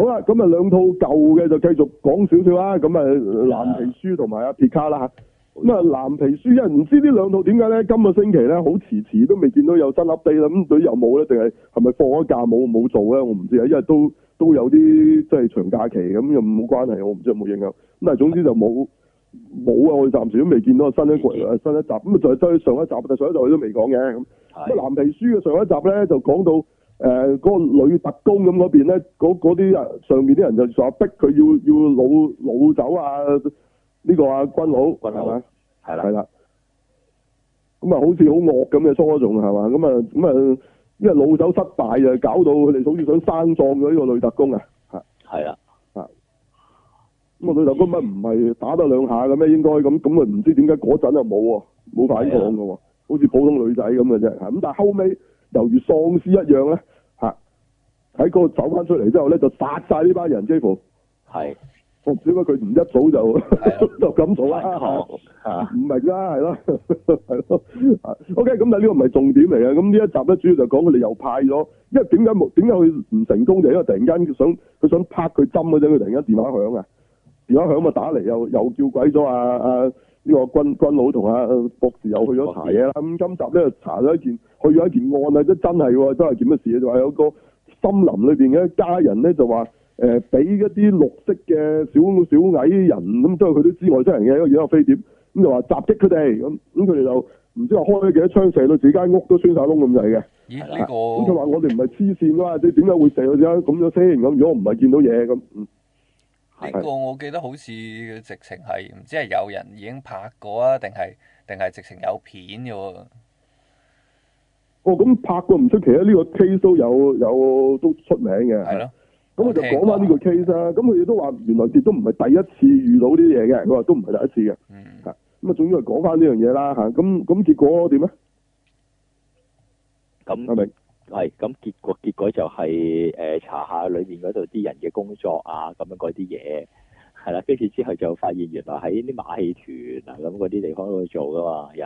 好啦，咁啊兩套舊嘅就繼續講少少啦。咁啊，《藍皮書》同埋 Picard 啦吓。咁啊，《藍皮書》因為唔知呢兩套點解咧，今個星期咧好遲遲都未見到有新 update 啦。咁對於又冇咧，定係係咪放咗假冇冇做咧？我唔知啊。因為都都有啲即係長假期，咁又冇關係，我唔知有冇影響。咁但係總之就冇冇啊！我暫時都未見到新一季，新一集。咁啊，就係對上一集，就上一集佢都未講嘅。咁啊《藍皮書》嘅上一集咧就講到。誒，嗰、呃那個女特工咁嗰邊咧，嗰啲啊上面啲人就仲話逼佢要要老老走啊！呢、這個啊軍佬軍係咪，係啦係啦，咁啊好似好惡咁嘅粗種係咪，咁啊咁啊，因為老走失敗就搞到佢哋好似想生葬咗呢個女特工的的啊，係係啦，啊，咁啊女特工乜唔係打得兩下嘅咩？應該咁咁啊唔知點解嗰陣又冇冇反抗嘅，的好似普通女仔咁嘅啫，咁但係後尾猶如喪屍一樣咧。喺嗰度走翻出嚟之後咧，就殺晒呢班人，幾乎我係。點解佢唔一早就、哎、呦 就咁做、哎、呦啊？唔係啦，係咯，係咯。O K，咁但係呢個唔係重點嚟嘅。咁呢一集咧，主要就講佢哋又派咗，因為點解冇點解佢唔成功就因為突然間佢想佢想拍佢針嗰陣，佢突然間電話響啊！電話響咪打嚟又又叫鬼咗啊！啊呢、呢個軍軍佬同阿、啊、博士又去咗查嘢啦。咁今士集咧查咗一件，去咗一件案啊！真真係喎，真係件乜事就話有個。森林裏邊嘅一家人咧就話，誒、呃、俾一啲綠色嘅小小矮人咁，即係佢都知外星人嘅，一個而家飛碟，咁就話襲擊佢哋，咁咁佢哋就唔知話開咗幾多槍，射到自己間屋都穿晒窿咁滯嘅。咦？呢的這個咁佢話我哋唔係黐線噶嘛，你點解會射到而咁樣先？咁如果唔係見到嘢咁？呢、嗯、個我記得好似直情係唔知係有人已經拍過啊，定係定係直情有片嘅喎。哦，咁拍過唔出奇啊！呢個 case 都有有都出名嘅。係咯，咁我就講翻呢個 case 啦。咁佢哋都話，原來亦都唔係第一次遇到呢啲嘢嘅。佢話都唔係第一次嘅。咁啊，總要係講翻呢樣嘢啦。嚇，咁咁結果點咧？咁係咪？係咁結果，結果就係、是、誒、呃、查下裏面嗰度啲人嘅工作啊，咁樣嗰啲嘢係啦。跟住之後就發現原來喺啲馬戲團啊咁嗰啲地方都會做噶嘛，又。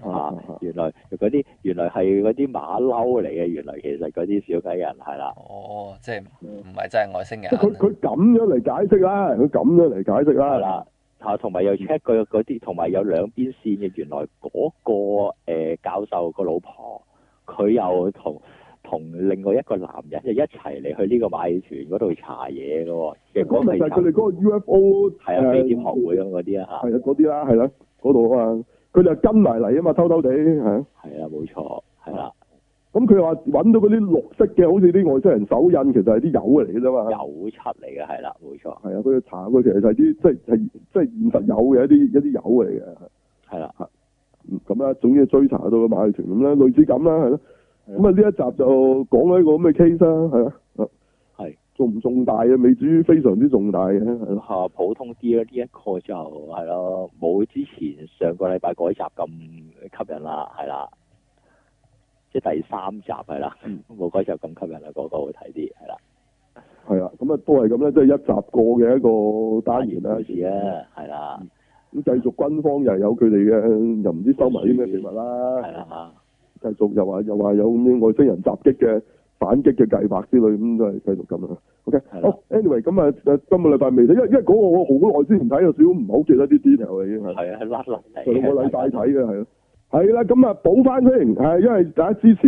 啊、原來啲原來係嗰啲馬騮嚟嘅，原來其實嗰啲小雞人係啦。是哦，即係唔係真係外星人？佢佢咁樣嚟解釋啦，佢咁樣嚟解釋啦。嗱，嚇、啊，同埋有 check 佢嗰啲，同埋有，有兩邊線嘅。原來嗰、嗰個、呃、教授個老婆，佢又同同另外一個男人一齊嚟去呢個馬戲團嗰度查嘢嘅。其實佢哋嗰個 UFO 係的、嗯、啊，飛碟學會咁嗰啲啊，係啊，嗰啲啦，係啦，嗰度啊。佢就跟埋嚟啊嘛，偷偷地係啊，係啊，冇錯，係啦。咁佢話揾到嗰啲綠色嘅，好似啲外星人手印，其實係啲油嚟嘅啫嘛，油漆嚟嘅係啦，冇錯。係啊，佢查過其實係啲即係係即係現實有嘅一啲的一啲油嚟嘅，係啦的，咁啦，總之追查到個馬戲團咁啦，類似咁啦，係咯。咁啊的，呢一集就講咗一個咁嘅 case 啦，係啊。重唔重大啊？未至於非常之重大嘅，啊，普通啲咯。呢、這、一個就係咯，冇之前上個禮拜嗰集咁吸引啦，係啦。即係第三集係啦，冇嗰、嗯、集咁吸引啦，那個個好睇啲係啦。係啊，咁啊都係咁啦，即、就、係、是、一集過嘅一個單元啦，而家係啦。咁繼續軍方又有佢哋嘅，又唔知收埋啲咩秘密啦。係啦，繼續又話又話有咁啲外星人襲擊嘅，反擊嘅計劃之類，咁、嗯、都係繼續咁啦。OK，好的、oh，anyway，咁啊，今個禮拜未睇，因為因為嗰個我好耐之前睇，有少唔好記得啲 detail 已經係係啦，甩甩地。上個禮拜睇嘅係咯，係啦，咁啊的補翻先，係因為大家之前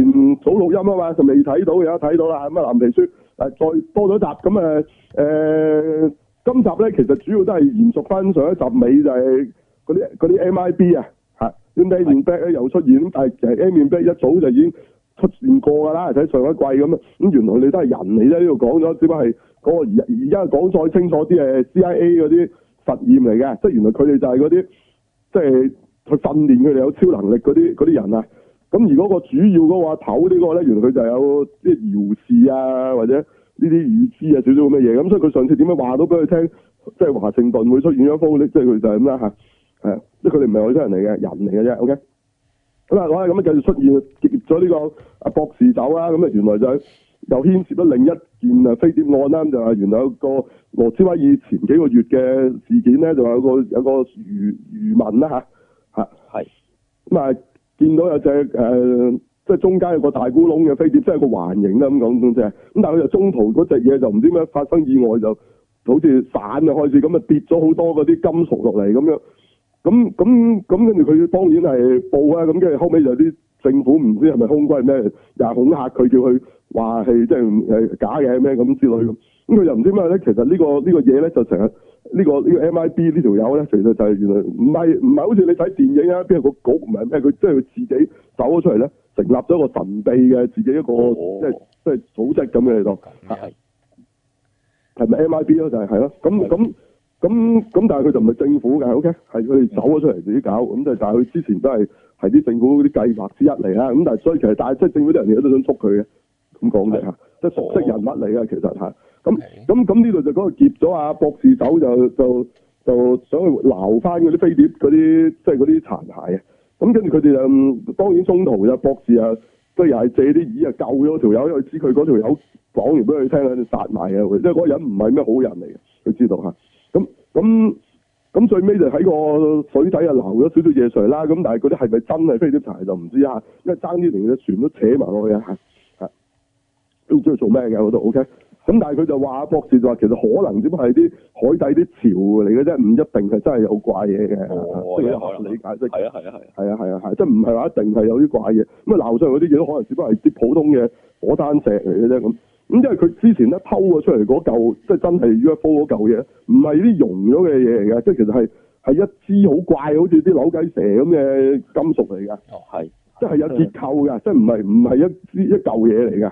早錄音啊嘛，就未睇到，而家睇到啦。咁啊，藍皮書誒再多咗集，咁誒誒，今集咧其實主要都係延續翻上一集尾就係嗰啲啲 MIB 啊，嚇的，啲 MIB 咧又出現，但係其實 MIB 一早就已經。出現過噶啦，睇上一季，咁咁原來你都係人嚟啫，呢度講咗，只不過係嗰個而而家講再清楚啲係 CIA 嗰啲實驗嚟嘅，即係原來佢哋就係嗰啲，即係去訓練佢哋有超能力嗰啲嗰啲人啊，咁如果個主要話個話頭呢個咧，原來佢就有有啲遙視啊，或者呢啲預知啊，少少咁嘅嘢，咁所以佢上次點樣話都俾佢聽，即係華盛頓會出現咗樣力，即係佢就係咁啦吓，係，即係佢哋唔係外星人嚟嘅，人嚟嘅啫，OK。咁啊，我哋咁啊，繼續出現接咗呢個阿博士走啦。咁啊，原來就又牽涉咗另一件啊飛碟案啦。就係原來有個羅斯威爾前幾個月嘅事件咧，就係有個有個漁漁民啦吓係咁啊，見是到有隻誒、呃，即係中間有個大古窿嘅飛碟，即係個環形啦，咁講咁啫。咁但係佢就中途嗰隻嘢就唔知點樣發生意外，就好似散嘅開始咁啊，跌咗好多嗰啲金屬落嚟咁咁咁咁跟住佢當然係報啦，咁跟住後尾就啲政府唔知係咪空軍咩，又恐嚇佢叫佢話係即係假嘅咩咁之類咁，咁佢又唔知咩咧。其實、呢個呢個呢個呢個、個呢個呢個嘢咧就成日呢個呢個 MIB 呢條友咧，其實就係原來唔係唔係好似你睇電影啊，邊個局唔係咩？佢即係佢自己走咗出嚟咧，成立咗一個神秘嘅自己一個即係即係組織咁嘅喺度，係咪 MIB 咯？是是 MI 就係係咯，咁咁。嗯的咁咁，但係佢就唔係政府嘅，O K，係佢哋走咗出嚟自己搞，咁就但係佢之前都係係啲政府啲計劃之一嚟啦，咁但係所以其實但係即係政府啲人嚟都都想捉佢嘅，咁講啫嚇，即係熟悉人物嚟嘅其實嚇，咁咁咁呢度就嗰度劫咗阿博士走就就就想去撈翻嗰啲飛碟嗰啲即係嗰啲殘骸啊，咁跟住佢哋就當然中途又博士啊，即係又係借啲椅啊救咗條友，因為知佢嗰條友講完俾佢聽喺度殺埋啊，即係嗰個人唔係咩好人嚟嘅，佢知道嚇。咁咁咁最尾就喺個水底啊，流咗少少嘢出嚟啦。咁但係嗰啲係咪真係飛碟柴就唔知啊，因為爭啲連隻船都扯埋落去啊。係、哎哎，都唔知佢做咩嘅我都。OK。咁但係佢就話博士就話其實可能只不過係啲海底啲潮嚟嘅啫，唔一定係真係有怪嘢嘅。理解啫。係啊係啊係。係啊係啊係、啊啊啊啊啊，即係唔係話一定係有啲怪嘢。咁啊，撈上嗰啲嘢都可能只不過係啲普通嘅火山石嚟嘅啫咁。咁因為佢之前咧偷咗出嚟嗰嚿，即係真係 UFO 嗰嚿嘢，唔係啲溶咗嘅嘢嚟嘅，即係其實係一支好怪，好似啲扭計蛇咁嘅金屬嚟嘅。哦，係，即係有結構㗎的，即係唔係唔係一支一嚿嘢嚟㗎。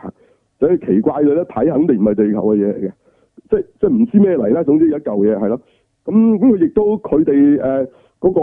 所以奇怪嘅咧，睇肯定唔係地球嘅嘢嚟嘅，即係即係唔知咩嚟啦。總之一嚿嘢係咯。咁咁佢亦都佢哋誒嗰個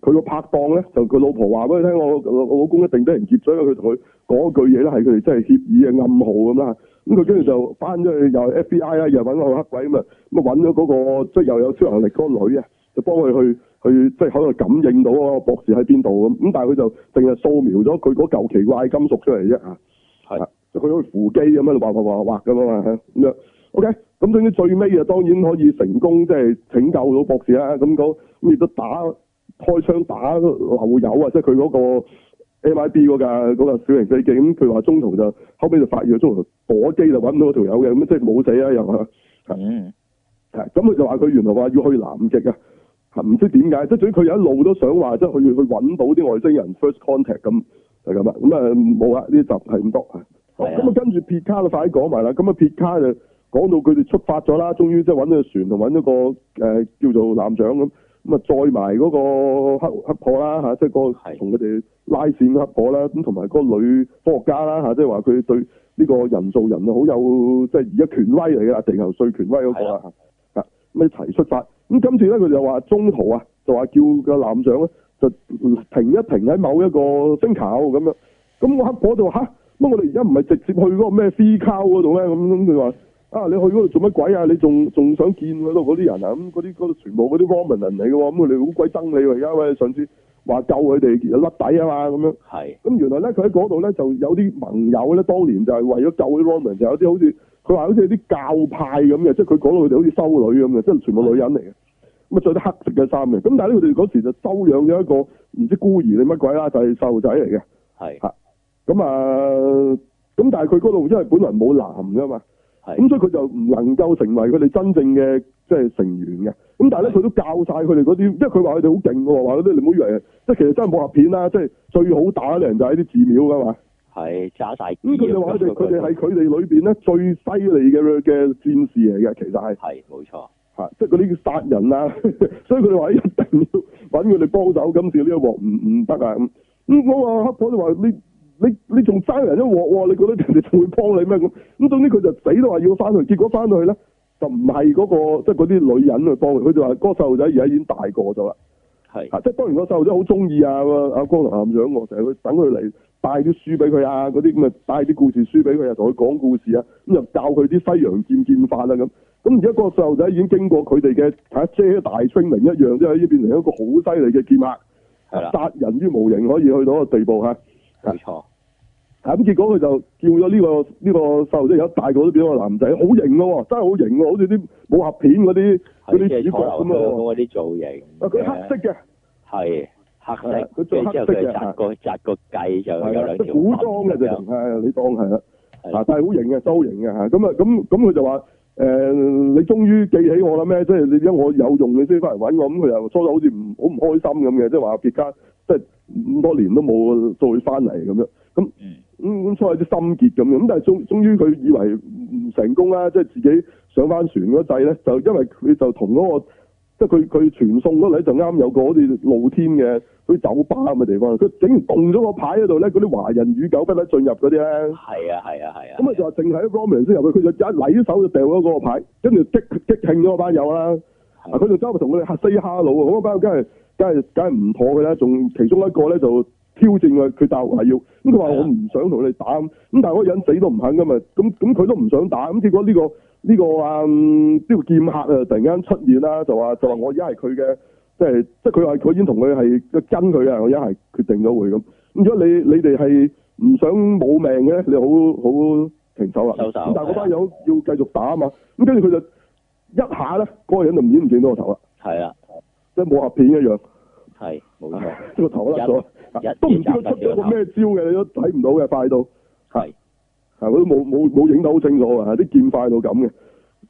佢個拍檔咧，就佢老婆話俾佢聽，我我老公一定俾人劫咗，佢同佢。嗰句嘢咧，係佢哋真係協議嘅暗號咁啦。咁佢跟住就翻咗去 BI，又 FBI 啊，又揾嗰個黑鬼咁啊。咁啊揾咗嗰個即係、就是、又有超能力嗰個女個是啊，就幫佢去去即係喺度感應到個博士喺邊度咁。咁但係佢就淨係掃描咗佢嗰嚿奇怪金屬出嚟啫啊。係，就佢好似扶機咁樣畫畫畫畫咁啊嘛咁樣。OK，咁至於最尾啊，當然可以成功即係拯救到博士啦。咁講咁亦都打開槍打流油啊，即係佢嗰個。MIB 嗰架嗰架小型飛機，咁佢話中途就後尾就發現，中途火機就揾唔到嗰條友嘅，咁即係冇死啦又係。嗯、mm.，係，咁佢就話佢原來話要去南極嘅，唔知點解，即係總之佢一路都想話即係要去揾到啲外星人 first contact 咁就咁啦。咁誒冇啦，呢集係咁多。好的，咁啊、嗯、跟住撇卡就快啲講埋啦。咁啊撇卡就講到佢哋出發咗啦，終於即係揾到船同揾咗個誒、呃、叫做艦長咁。咁啊，載埋嗰個黑婆、就是、個黑婆啦即係個同佢哋拉線黑婆啦，咁同埋嗰個女科學家啦即係話佢對呢個人造人啊好有即係而家權威嚟㗎，地球最權威嗰、那個啊，咁的一齊出發。咁今次咧，佢就話中途啊，就話叫個艦長咧就停一停喺某一個星球咁樣。咁、那個黑婆就話乜我哋而家唔係直接去嗰個咩 Freecloud 嗰度咩？咁咁佢話。啊！你去嗰度做乜鬼啊？你仲仲想見嗰度嗰啲人啊？咁嗰啲度全部嗰啲羅馬人嚟嘅喎，咁佢哋好鬼憎你喎、啊！而家喂上次話救佢哋有甩底啊嘛，咁樣。係是。咁原來咧，佢喺嗰度咧就有啲盟友咧，當年就係為咗救啲羅馬人，就有、是、啲好似佢話好似啲教派咁嘅，即係佢講到佢哋好似修女咁嘅，即、就、係、是、全部女人嚟嘅，咁啊着啲黑色嘅衫嘅。咁但係咧，佢哋嗰時就收養咗一個唔知孤兒定乜鬼啦，就係細路仔嚟嘅。係是。嚇、啊！咁啊咁，但係佢嗰度因為本來冇男嘅嘛。咁、嗯、所以佢就唔能夠成為佢哋真正嘅即係成員嘅。咁但係咧，佢的都教晒佢哋嗰啲，因為佢話佢哋好勁喎。話嗰啲你唔好以為，即係其實真係武俠片啦，即係最好打嘅人就喺啲寺廟㗎嘛。係教曬。咁佢哋話佢哋佢係佢哋裏邊咧最犀利嘅嘅戰士嚟嘅，其實係係冇錯。嚇、啊，即係嗰啲叫殺人啊！ 所以佢哋話一定要揾佢哋幫手，今次呢一鑊唔唔得啊！咁、嗯、我話黑婆，你話你，你，你仲爭人一鑊，你覺得人哋仲會幫你咩咁？咁總之佢就死都話要翻去，結果翻去咧就唔係嗰個，即係嗰啲女人去幫佢。佢就話嗰個細路仔而家已經大個咗啦。係即係當然個細路仔好鍾意啊。阿光頭艦長我，成日佢等佢嚟帶啲書俾佢啊，嗰啲咁啊，常常帶啲故事書俾佢啊，同佢講故事啊，咁就教佢啲西洋劍劍法啦、啊、咁。咁而家嗰個細路仔已經經過佢哋嘅嚇遮大清明一樣，即係變成一個好犀利嘅劍啊！係啦，殺人於無形可以去到個地步嚇。啊冇錯，咁、嗯、結果佢就叫咗呢、這個呢、這個細路仔，有大個都變成個男仔，好型咯，真係好型，好似啲武俠片嗰啲嗰啲主角咁啊，嗰啲造型，佢黑色嘅，係黑色，佢黑色的他紮個的紮個髻，就有兩條黑嘅就，啊你當係啦，啊的的但係好型嘅，都型嘅吓，咁啊咁咁佢就話，誒、呃、你終於記起我啦咩？即係你知我有用你先翻嚟揾我？咁佢又梳到好似唔好唔開心咁嘅，即係話結家。即係。咁多年都冇再翻嚟咁樣，咁咁咁所以啲心結咁樣，咁但係終終於佢以為唔成功啦，即係自己上翻船嗰陣咧，就因為佢就同嗰個即係佢佢傳送嗰陣就啱有個好似露天嘅嗰啲酒吧咁嘅地方，佢竟然動咗個牌嗰度咧，嗰啲華人與狗不得進入嗰啲咧，係啊係啊係啊，咁啊，係啊就話淨係啲 Romney 先入去，佢就一攏手就掉咗嗰個牌，跟住激激興咗嗰班友啦，啊佢就真係同佢哋 say hello 啊，嗰班友真係。梗係梗係唔妥嘅啦，仲其中一個咧就挑戰佢，佢就係要咁，佢話我唔想同你打，咁但係嗰個人死都唔肯噶嘛，咁咁佢都唔想打，咁結果呢、呢個呢、呢個啊呢、嗯呢個劍客啊突然間出現啦，就話就話我而家係佢嘅，即係即係佢話佢已經同佢係跟佢啊，我而家係決定咗會咁，咁如果你你哋係唔想冇命嘅，你好好停手啦，停手。咁但係嗰班友要繼續打啊嘛，咁跟住佢就一下咧，嗰、嗰個人就唔見唔見到個頭啦。係啊。即係武俠片一樣，係冇錯，即係個頭甩咗了，都唔知佢出咗個咩招嘅，頭你都睇唔到嘅快到，係是，係，佢都冇冇冇影到好清楚啊！啲劍快到咁嘅，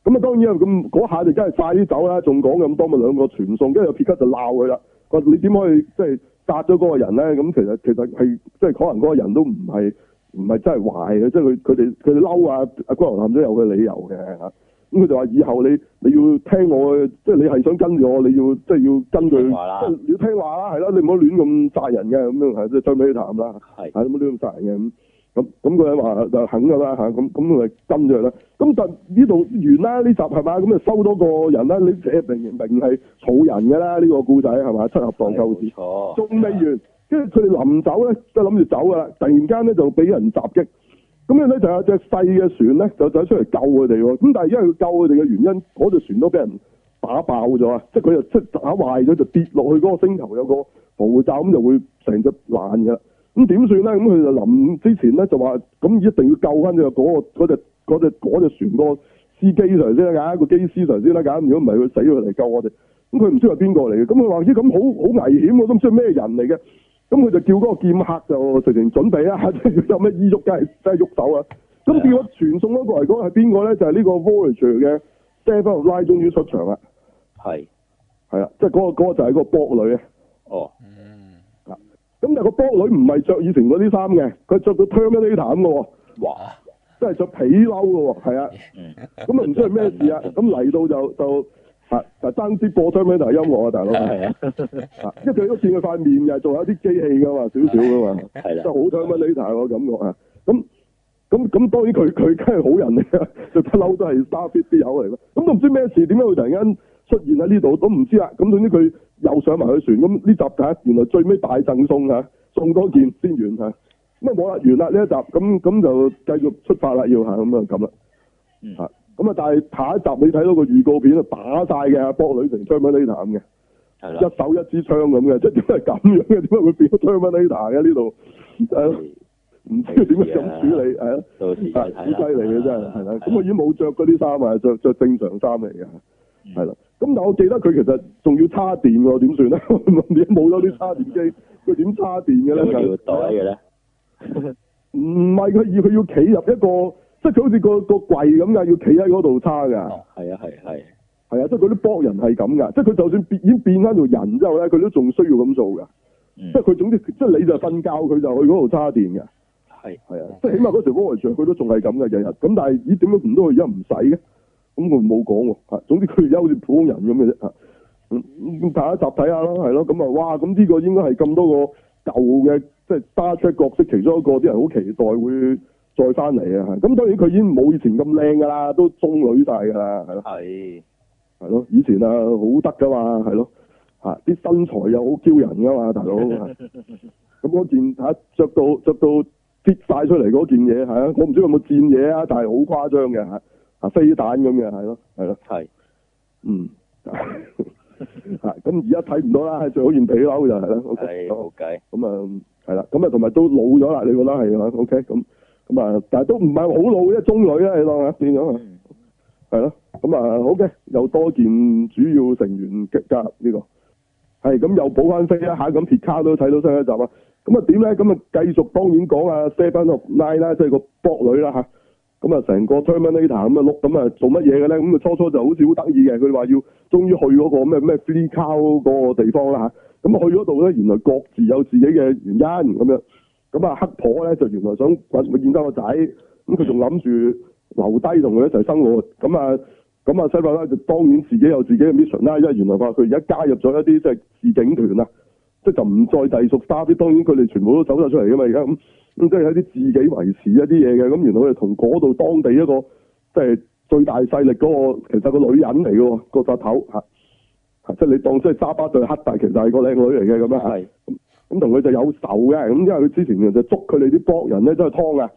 咁啊當然咁嗰下真就真係快啲走啦，仲講咁多咪兩個傳送，跟住有 Picard 就鬧佢啦。話你點可以即係、就是、扎咗嗰個人咧？咁其實其實係即係可能嗰個人都唔係唔係真係壞嘅，即係佢佢哋佢哋嬲啊阿光頭冧都有個理由嘅吓。咁佢就話，以後你你要聽我即係你係想跟住我，你要即係要根據，即係要，要聽話啦，係啦，你唔好亂咁殺人嘅，咁樣係即係再俾佢談啦。係，係唔好亂咁殺人嘅。咁咁咁，個人話就肯噶啦吓，咁咁咪跟住佢啦。咁但呢度完啦呢集係嘛，咁就收多個人啦。你寫明明係草人噶啦呢個故仔係咪？七俠蕩寇誌，仲未完。跟住佢哋臨走咧，即係諗住走噶啦，突然間咧就俾人襲擊。咁樣咧就有隻細嘅船咧就走出嚟救佢哋，咁但係因為佢救佢哋嘅原因，嗰隻船都俾人打爆咗啊！即係佢就即打壞咗就跌落去嗰、嗰個星球有個防護罩，咁就會成隻爛嘅。咁點算咧？咁佢就臨之前咧就話咁一定要救翻隻嗰個隻隻隻船司機、個司機上先得噶，個機師上先得噶。如果唔係佢死咗佢嚟救我哋，咁佢唔知係邊個嚟嘅。咁佢話咦，咁好好危險，我都唔知咩人嚟嘅。咁佢就叫嗰個劍客就成成準備啦，嗯、 有咩意欲即係喐手啊？咁結果傳送咗過嚟嗰個係邊個咧？就係、是、呢個 Voyager 嘅 Jasper 拉終於出場啦。係是，係啊，即係嗰個、那個就係個波女啊。哦。嗯。嗱，咁但係個波女唔係着以前嗰啲衫嘅，佢着到 Terminator 咁嘅喎。哇！真係着皮褸嘅喎，係啊。咁啊唔知係咩事啊？咁嚟到就就。嗱，爭啲播出咩就係音樂啊，大佬。係啊！啊，因為佢都見佢塊面，又仲有啲機器噶嘛，少少噶嘛。係啦。就好想乜呢？我感覺啊，咁咁咁當然佢佢梗係好人嚟啊，就 不嬲都係 Starfleet 友嚟咯。咁都唔知咩事，點解會突然間出現喺呢度？都唔知啊。咁總之佢又上埋去船。咁呢集睇，原來最尾大贈送嚇，送多件先完嚇。咁啊，冇啦，完啦呢一集。咁咁就繼續出發啦，要嚇咁啊，咁啦。嗯。嚇。咁啊！但係下一集你睇到個預告片啊，打曬嘅，阿博女成 Terminator 咁嘅，一手一支槍咁嘅，即係點解咁樣嘅？點解會變咗 Terminator 嘅呢度？唔知點樣咁處理係啊？好犀利嘅真係，係啦。咁佢已經冇著嗰啲衫啊，著著正常衫嚟嘅，係啦。咁但我記得佢其實仲要叉電喎，點算咧？你冇咗啲叉電機，佢點叉電嘅咧？要嘅咧？唔係佢要佢要企入一個。即係佢好似個個櫃咁㗎、喔，要企喺嗰度叉㗎。哦，係啊，係啊，係啊，即係嗰啲 Borg 人係咁㗎。即係佢就算已經變翻做人之後咧，佢都仲需要咁做㗎。即係佢總之，即係你就瞓覺，佢就去嗰度叉電㗎。係。啊。即係、啊、起碼嗰條 w a t 佢都仲係咁㗎，日日。咁但係咦點解唔都而家唔使嘅？咁我冇講喎。嚇，總之佢而家好似普通人咁嘅啫。嚇，嗯，一集睇下咯，係咯。咁啊，哇！咁呢個應該係咁多個舊嘅即係 Data 角色其中一個，啲人好期待會。再翻嚟啊！咁當然佢已經冇以前咁靚噶啦，都中女晒噶啦，係咯係，係咯。以前啊，好得噶嘛，係咯嚇，啲身材又好驕人噶嘛，大佬咁嗰件嚇着、啊、到著到跌晒出嚟嗰件嘢嚇，我唔知有冇戰嘢啊，但係好誇張嘅嚇啊，飛彈咁嘅係咯係咯，係係嗯，咁而家睇唔到啦，最好件皮褸就係啦，O K 好計咁啊，係啦，咁啊同埋都老咗啦，你覺得係 OK 咁。咁啊、嗯，但係都唔係好老嘅，中女啦你當一變咗啊，係咯，咁啊，好、嗯、嘅，okay, 又多件主要成員嘅加入呢個，係咁、嗯、又補翻飛一下，咁、嗯、皮卡都睇到新一集啊，咁啊點咧？咁、嗯、啊、嗯嗯、繼續當然講啊，Seven of Nine 啦，即係個博女啦吓，咁啊成個 Terminator 咁、嗯、啊碌，咁、嗯、啊做乜嘢嘅咧？咁啊初初就好似好得意嘅，佢話要終於去嗰個咩咩 Freecloud 嗰個地方啦，咁、嗯、啊、嗯，去嗰度咧，原來各自有自己嘅原因咁樣。嗯咁啊，黑婆咧就原來想揾見翻個仔，咁佢仲諗住留低同佢一齊生活。咁啊，咁啊，西伯拉就當然自己有自己嘅 mission 啦，因為原來話佢而家加入咗一啲即係自警團啊，即係就唔、是、再隸屬沙巴當然佢哋全部都走曬出嚟㗎嘛，而家咁咁即係一啲自己維持一啲嘢嘅。咁原來佢哋同嗰度當地一個即係、就是、最大勢力嗰、那個，其實是一個女人嚟嘅、那個頭嚇，嚇即係你當真係沙巴對黑大其實係個靚女嚟嘅咁啊，係。咁同佢就有仇嘅，咁因為佢之前就捉佢哋啲博人咧，都係劏啊，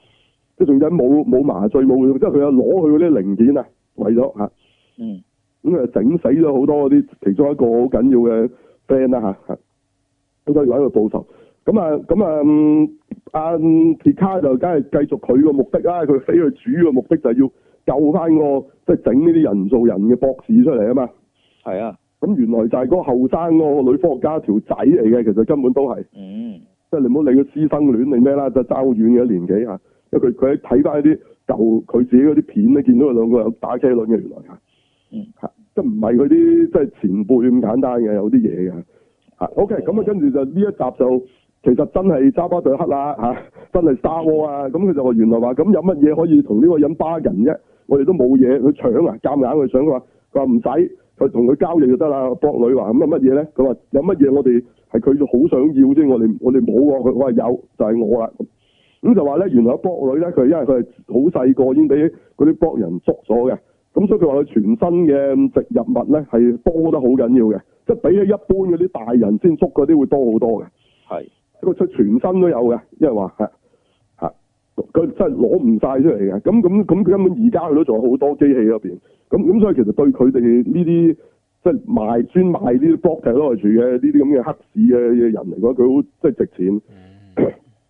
即係仲有冇冇麻醉冇，即係佢又攞佢嗰啲零件啊，為咗吓，嗯，咁啊整死咗好多嗰啲，其中一個好緊要嘅 friend 啦嚇，咁所以喺度報仇。咁、嗯、啊，咁啊，阿皮卡就梗係繼續佢個目的啦，佢飛去主要個目的就係要救翻個，即係整呢啲人造人嘅博士出嚟啊嘛，係啊。咁原來就係嗰個後生個女科學家條仔嚟嘅，其實根本都係，嗯，即係你唔好理佢師生戀你咩啦，就爭好遠嘅年紀嚇，因為佢佢喺睇翻啲舊佢自己嗰啲片咧，見到佢兩個有打車輪嘅原來，嗯即係唔係佢啲即係前輩咁簡單嘅有啲嘢嘅，OK 咁啊跟住就呢一集就其實真係揸巴對黑啦，真係沙我啊！咁、啊、佢、啊、就話原來話咁有乜嘢可以同呢個隱巴人啫？我哋都冇嘢去搶啊，夾硬，硬去搶佢話，佢話唔使。佢同佢交易就得啦，博女話咁乜乜嘢咧？佢話有乜嘢我哋係佢好想要啫。我哋、啊就是、我哋冇喎。佢我話有就係我啦。咁就話咧，原來博女咧，佢因為佢係好細個，已經俾嗰啲博人捉咗嘅。咁所以佢話佢全身嘅植入物咧係多得好緊要嘅，即係比起一般嗰啲大人先捉嗰啲會多好多嘅。係是，佢出全身都有嘅，因為話佢真係攞唔晒出嚟嘅，咁咁咁佢根本而家佢都仲有好多機器入邊，咁咁所以其實對佢哋呢啲即係賣專賣呢啲 Borg 攞嚟住嘅呢啲咁嘅黑市嘅人嚟講，佢好即係值錢。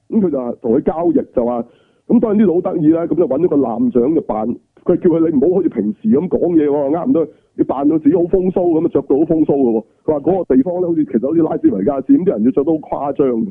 咁佢、嗯、 就同佢交易就，就佢佢話，咁當然啲佬好得意啦，咁就揾咗個艦長就扮，佢叫佢你唔好好似平時咁講嘢喎，呃唔到你。你扮到自己好風騷咁啊，着到好風騷嘅喎。佢話嗰個地方咧，好似其實好似拉斯維加斯咁，啲人要着到好誇張。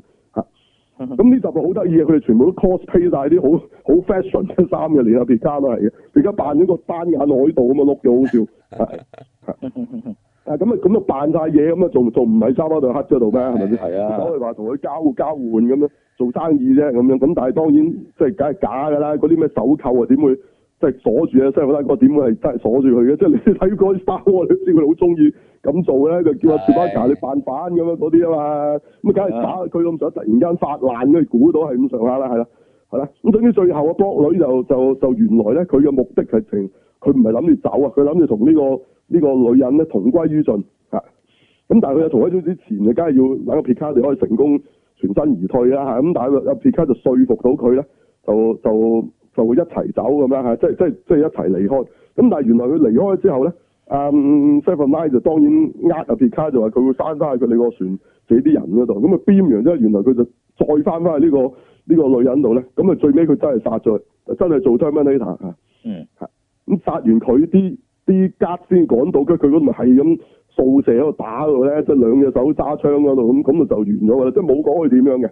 呢集咪好得意啊！佢哋全部都 cosplay 晒啲好好 fashion 嘅衫嘅，連阿別卡都係嘅，而家扮咗個單眼海盜咁啊碌到好笑。係 啊，咁啊咁啊扮晒嘢，咁啊仲仲唔喺沙巴度黑咗度咩？係咪先？係啊，所以話同佢交交換咁樣做生意啫，咁樣。咁但係當然即係梗係假㗎啦。嗰啲咩手扣啊，點會即係鎖住啊？西貢丹哥點會真係鎖住佢嘅？即係你睇嗰啲衫，你知佢好中意。咁做咧，就叫阿 Picard 你扮反咁樣嗰啲啊嘛，咁梗係打佢咁想，突然間發爛，咁估到係咁上下啦，係啦，係啦。咁總之最後個博女就就就原來咧，佢嘅目的係成，佢唔係諗住走啊，佢諗住同呢個呢個女人咧同歸於盡嚇。咁但係佢又同佢走之前，就梗係要揾個 Picard 你可以成功全身而退啦嚇。咁但係阿 Picard 就說服到佢咧，就就就會一齊走咁樣嚇。即係即係即係一齊離開。咁但係原來佢離開之後咧。嗯、um,，Seven Nine 就當然呃阿皮卡就話佢會生翻去佢哋個船自己啲人嗰度，咁啊編完之後原來佢就再翻翻去呢個呢、呢個女人度咧，咁啊最尾佢真係殺咗，真係做 Terminator 嗯嚇，咁殺完佢啲啲吉先趕到，跟住佢嗰度係咁掃射喺度打喺度咧，即係兩隻手揸槍嗰度，咁咁就就完咗㗎啦。即係冇講佢點樣嘅，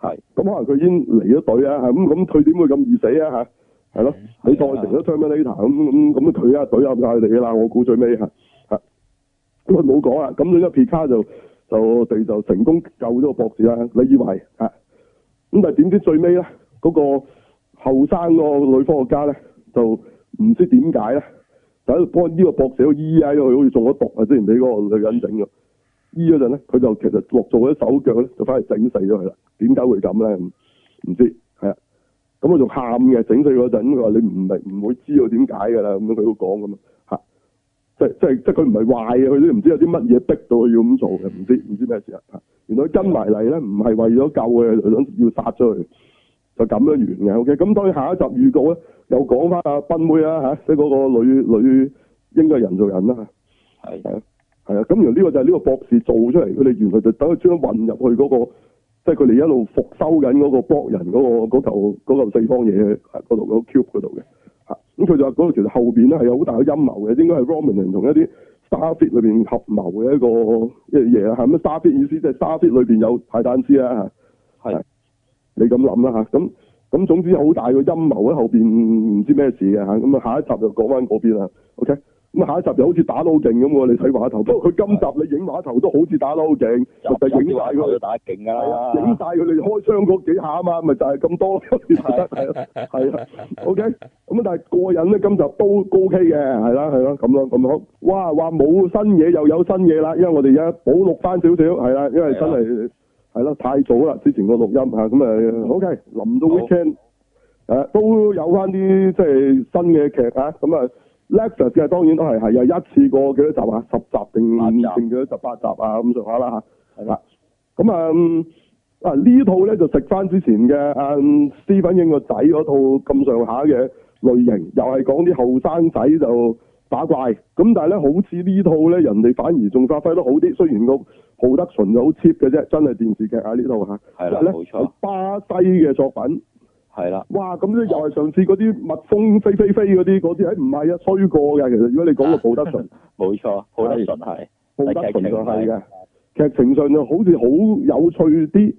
係，咁可能佢已經嚟咗隊啊。嚇，咁咁佢點會咁易死啊嚇？係咯，喺代成咗 terminator 咁、嗯、咁咁，佢啊佢啊唔教佢哋噶啦，我估最尾嚇嚇，咁啊冇講啦，咁呢一 Picard 就就哋就成功救咗個博士啦，你以為嚇？咁但係點知最尾咧，嗰、嗰個後生個女科學家咧，就唔知點解咧，就喺度幫呢個博士去醫啊，佢好似中咗毒啊，之前俾嗰個女人整嘅，醫嗰陣咧，佢就其實落做咗手腳咧，就翻嚟整死咗佢啦。點解會咁咧？唔知。咁佢仲喊嘅，整死嗰陣佢話：你唔明唔會知道點解㗎啦。咁樣佢都講咁啊，嚇！即係即係即係佢唔係壞嘅，佢都唔知有啲乜嘢逼到佢要咁做嘅，唔知唔知咩事啊！原來跟埋嚟咧，唔係為咗救佢嘅，想要殺咗佢，就咁樣完嘅。OK，咁當然下一集預告咧，又講翻阿斌妹啦嚇，即係嗰個女女應該係人造人啦嚇。係係係啊！咁原來呢個就係呢個博士做出嚟，佢哋原來就等佢將混入去嗰個。即係佢哋一路復修緊嗰個博人嗰、那個嗰嗰、那個那個、四方嘢嗰度嗰 cube 嗰度嘅，咁佢就話嗰度其實後面咧係有好大嘅陰謀嘅，應該係 Romulan 同一啲 Starfleet 裏面合謀嘅一個嘢啦，咪沙 Starfleet 意思即係、就是、Starfleet 裏面有派單師啦，係是你咁諗啦，咁咁，總之好大嘅陰謀喺後面唔知咩事嘅咁啊，下一集就講翻嗰邊啦，OK。咁下一集就好似打撈勁咁喎，你睇碼頭，不過佢今集的你影碼頭都好似打撈勁，咪就係影晒佢打勁㗎啦，影晒佢哋開槍幾下啊嘛，咪就係、係、咁多咯，係咯係啊，係啊，OK，咁但係過癮咧，今集都 OK 嘅，係啦係啦，咁咯咁好，哇話冇新嘢又有新嘢啦，因為我哋而家補錄翻少少，係啦，因為真係係咯太早啦，之前個錄音嚇，咁啊、嗯、OK，臨到 weekend，誒好、啊、都有翻啲即係新嘅劇啊，咁啊～Netflix 嘅當然都係係又一次過幾多集啊？十集定定集幾多十八集啊？咁上下啦嚇。係啦的。咁、嗯、啊啊呢套咧就食翻之前嘅史提芬京個仔嗰套咁上下嘅類型，又係講啲後生仔就打怪。咁但係咧，好似呢套咧，人哋反而仲發揮得好啲。雖然個 production 就好 cheap 嘅啫，真係電視劇啊呢套嚇。係啦的，冇的錯、啊。巴西嘅作品。係啦，哇！咁呢又係上次嗰啲蜜蜂飛飛飛嗰啲，嗰啲，誒，唔係啊，吹過嘅。其實如果你講到布德純，冇錯，布德純係布德純就係嘅，劇是情上就好似好有趣啲，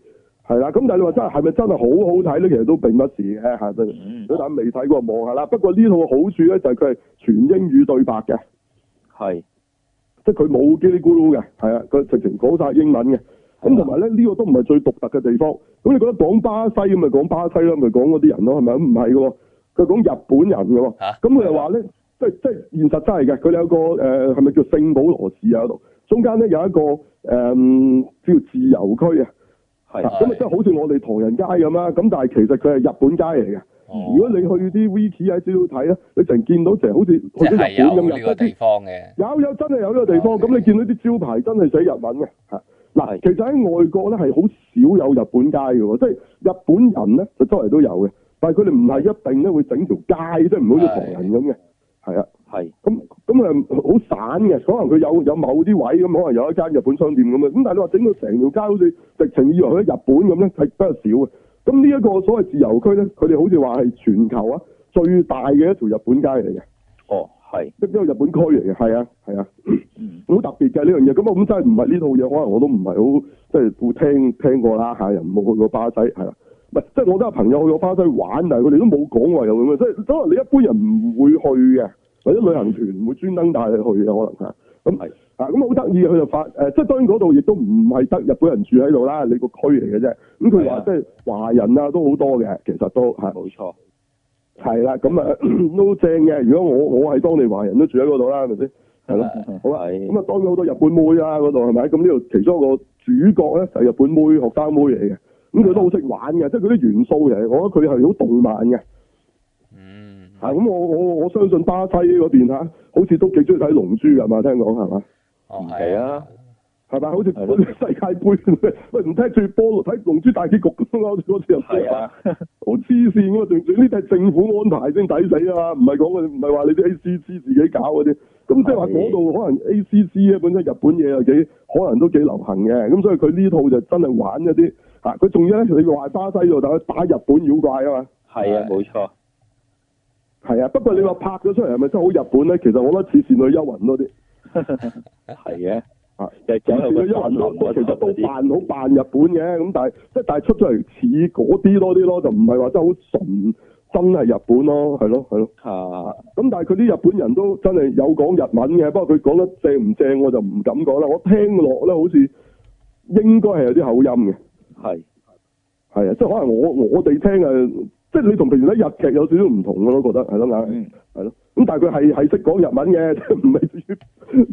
係啦。咁但係你話真係，係咪真係好好睇咧？其實都並唔係嘅，吓都、嗯。咁但係未睇過，望下啦。不過呢套嘅好處咧，就係佢係全英語對白嘅，係的，即係佢冇嘰哩咕嚕嘅，係啊，佢直情講晒英文嘅。咁同埋咧，嗯、呢、呢個都唔係最獨特嘅地方。咁你覺得講巴西咁咪講巴西啦，咪講嗰啲人咯，係咪？唔係嘅，佢講日本人嘅喎。咁佢又話咧，呢啊、即即現實真係嘅。佢有個誒，係、呃、咪叫聖保羅市啊？嗰度中間咧有一個誒、呃，叫自由區，係係啊。係咁啊，即係好似我哋唐人街咁啦。咁但係其實佢係日本街嚟嘅。嗯、如果你去啲 Wiki 啊，睇咧，你成見到成好似去咗日本咁樣一啲。有個地方嘅。有，方有有真係有呢個地方。咁 Okay. 你見到啲招牌真係寫日文嘅。嚇、啊！嗱，其實喺外國咧係好少有日本街嘅喎，即係日本人咧，就周圍都有嘅，但係佢哋唔係一定咧會整條街，即係唔好似唐人咁嘅，係啊，係咁咁啊好散嘅，可能佢有有某啲位咁，可能有一間日本商店咁啊，咁但係你話整到成條街好似直情以為去日本咁咧，係比較少嘅。咁呢一個所謂自由區咧，佢哋好似話係全球啊最大嘅一條日本街嚟嘅。係，即係是日本區嚟嘅，係啊，係啊，好特別嘅呢樣嘢。咁啊，咁真係唔係呢套嘢，可能我都唔係好即係聽聽過啦。嚇，人冇去過巴西係啊，唔係即係我都有朋友去過巴西玩，但係佢哋都冇講話又咁樣，即係可能你一般人唔會去嘅，或者旅行團唔會專登帶你去嘅可能嚇。咁係的啊，咁好得意，佢就發誒、呃，即係當然嗰度亦都唔係得日本人住喺度啦，你個區嚟嘅啫。咁佢話即係華人啊都好多嘅，其實都係冇、啊、錯。係啦，咁啊都正嘅。如果我我係當地華人，都住喺嗰度啦，係咪先？係啦，好啦。咁啊，當然好多日本妹啦，嗰度係咪？咁呢度其中一個主角咧就係日本妹，學生妹嚟嘅。咁佢都好識玩嘅，的即係佢啲元素嚟。我覺得佢係好動漫嘅。嗯。啊，咁我我我相信巴西嗰邊吓，好似都幾中意睇龍珠㗎嘛？聽講係嘛？哦，係啊。嗯係咪？好似世界盃，唔睇追波咯，睇 龍珠大結局。我我知啊，好黐線噶，呢啲係政府安排先抵死啊，唔係講佢，唔係話你啲 A C C 自己搞嗰啲。咁的即係話嗰度可能 A C C 咧，本身日本嘢又幾，可能都幾流行嘅。咁所以佢呢套就真係玩一啲嚇，佢仲要咧，你話巴西度，但係打日本妖怪啊嘛。係啊的，冇的錯。係啊，不過你話拍咗出嚟係咪真係好日本咧？其實我覺得似倩女幽魂多啲。係啊。 啊！其實都扮好扮日本嘅，咁但係即係但係出咗嚟似嗰啲多啲咯，就唔係話真係好純，真係日本咯，係咯係咯。咁、啊啊、但係佢啲日本人都真係有講日文嘅，不過佢講得正唔正我就唔敢講啦。我聽落咧，好似應該係有啲口音嘅。係係啊，即係可能我我哋聽啊。即係你同平時啲日劇有少少唔同咯，我覺得係咯硬，係咯。咁是但係佢係係識講日文嘅，即係主要，唔係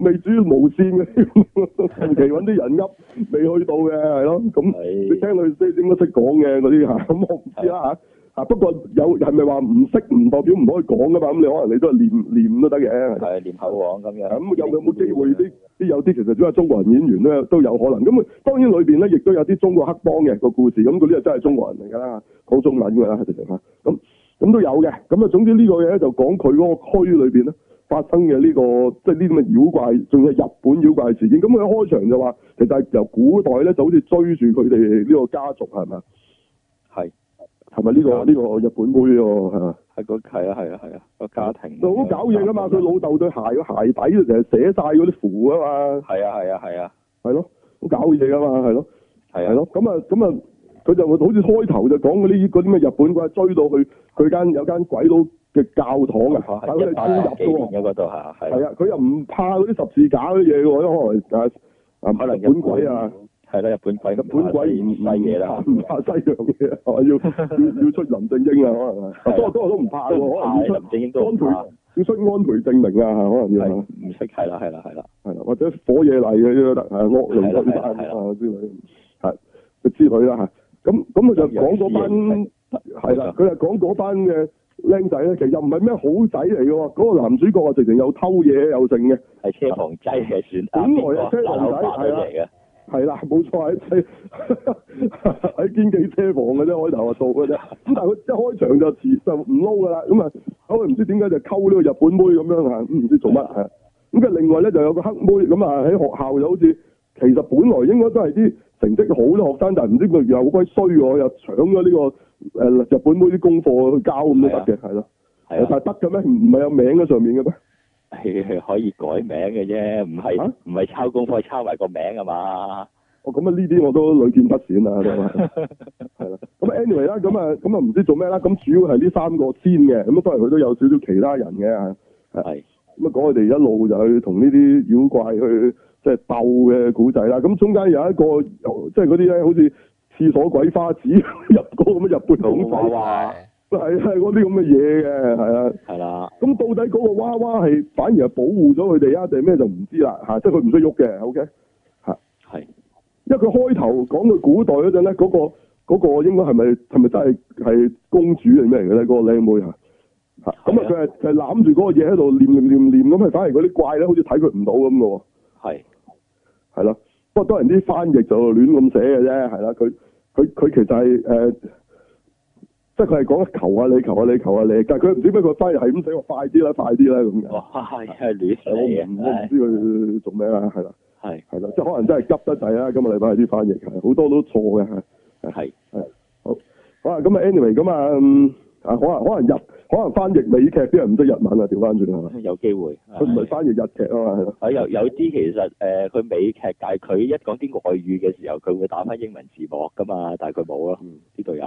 未至於無線嘅，近 期揾啲人噏，未去到嘅係咯。咁是你聽佢識應該識講嘅嗰啲嚇，咁我唔知啦嚇。是啊。啊！不過有係咪話唔識唔代表唔可以講噶嘛？咁你可能你都係念念都得嘅。係念口簧咁樣。咁、嗯、唸有冇冇機會啲啲唸有啲？其實都係中國人演員咧，都有可能。咁啊，當然裏邊咧亦都有啲中國黑幫嘅個故事。咁嗰啲啊真係中國人嚟㗎啦，講的中文㗎啦，係咪啊？咁咁都有嘅。咁啊，總之呢個嘢就講佢嗰個區裏邊咧發生嘅呢、這個即係呢啲咁嘅妖怪，仲有日本妖怪事件。咁佢開場就話，其實由古代咧就好似追住佢哋呢個家族係咪？係咪呢個呢個日本妹喎？係啊，係個係啊係啊係啊個家庭。好搞嘢㗎嘛！佢老豆對鞋個鞋底成日寫晒嗰啲符啊嘛！係啊係啊係啊，係咯，好搞嘢㗎嘛，係咯，係咯咁啊咁啊，佢就好似開頭就講嗰啲啲咩日本鬼追到去佢間有間鬼佬嘅教堂啊，但係佢入到啊，係啊，佢又唔怕嗰啲十字架嗰啲嘢喎，因為可能啊啊日本鬼啊。係啦，日本鬼日本鬼唔係嘢啦，唔怕西洋嘢，哦要要要出林正英啦，可能多都都唔怕，可能要出林正英都，要出安倍晴明啊，可能要，唔識係啦係啦係啦，係啦，或者火嘢嚟嘅啫，係惡龍出世啊之類，係嘅之類啦吓，咁咁佢就講嗰班，係啦，佢就講嗰班嘅僆仔咧，其實唔係咩好仔嚟嘅，嗰個男主角啊，直情有偷嘢有剩嘅，係車房仔，嘅選角嚟嘅，本來係車房仔嚟嘅。係啦，冇錯喺喺喺堅記車房嘅啫，開頭啊做嘅啫。咁但係佢一開場就遲就唔撈嘅啦。咁啊，後嚟唔知點解就溝呢個日本妹咁樣啊，唔知做乜啊。咁佢的的另外咧就有一個黑妹咁啊，喺學校又好似其實本來應該都係啲成績好啲學生，但係唔知佢解又好鬼衰喎，又搶咗呢個誒日本妹啲功課去交咁都得嘅，係咯的。係的但係得嘅咩？唔係有名喺上面嘅咩？係、哎、可以改名嘅啫，唔係唔係抄功課、啊、可以抄埋個名啊嘛。我咁啊，呢啲我都屢見不鮮啦。係啦，咁 anyway 啦，咁啊，咁啊，唔知做咩啦。咁主要係呢三個先嘅，咁啊，當然佢都有少少其他人嘅。咁啊是，講佢哋一路就去同呢啲妖怪去即係、就是、鬥嘅古仔啦。咁中間有一個即係嗰啲咧，好似廁所鬼花子入嗰咁日本半係係嗰啲咁嘅嘢嘅，係啊，係啦。咁到底嗰個娃娃係反而係保護咗佢哋啊，定係咩就唔知啦。吓，即係佢唔使喐嘅，OK。吓，係。因為佢開頭講到古代嗰陣咧，嗰個嗰個應該係咪係咪真係係公主定咩嚟嘅咧？嗰個靚妹啊。吓。咁啊，佢係係攬住嗰個嘢喺度念念念念咁，係反而嗰啲怪咧，好似睇佢唔到咁嘅。係。係啦。不過當然啲翻譯就亂咁寫嘅啫，係啦。佢佢佢其實係誒。呃即係佢係講求下你，求下你，求下你，但係佢唔知咩，佢翻譯係咁寫，快啲啦，快啲啦咁嘅。哇，係係亂晒嘢，我唔知佢做咩啦，係啦，係係啦，即係可能真係急得滯啦。今日禮拜啲翻譯啊，好多都錯嘅吓，係係好。哇，咁啊，Anyway，咁啊，可能可能日，可能翻譯美劇啲人唔識日文啊，調翻轉係有機會，佢唔係翻譯日劇啊嘛。啊，有有啲其實誒，佢美劇，但係佢一講啲外語嘅時候，佢會打翻英文字幕噶嘛，但係佢冇咯。呢度有。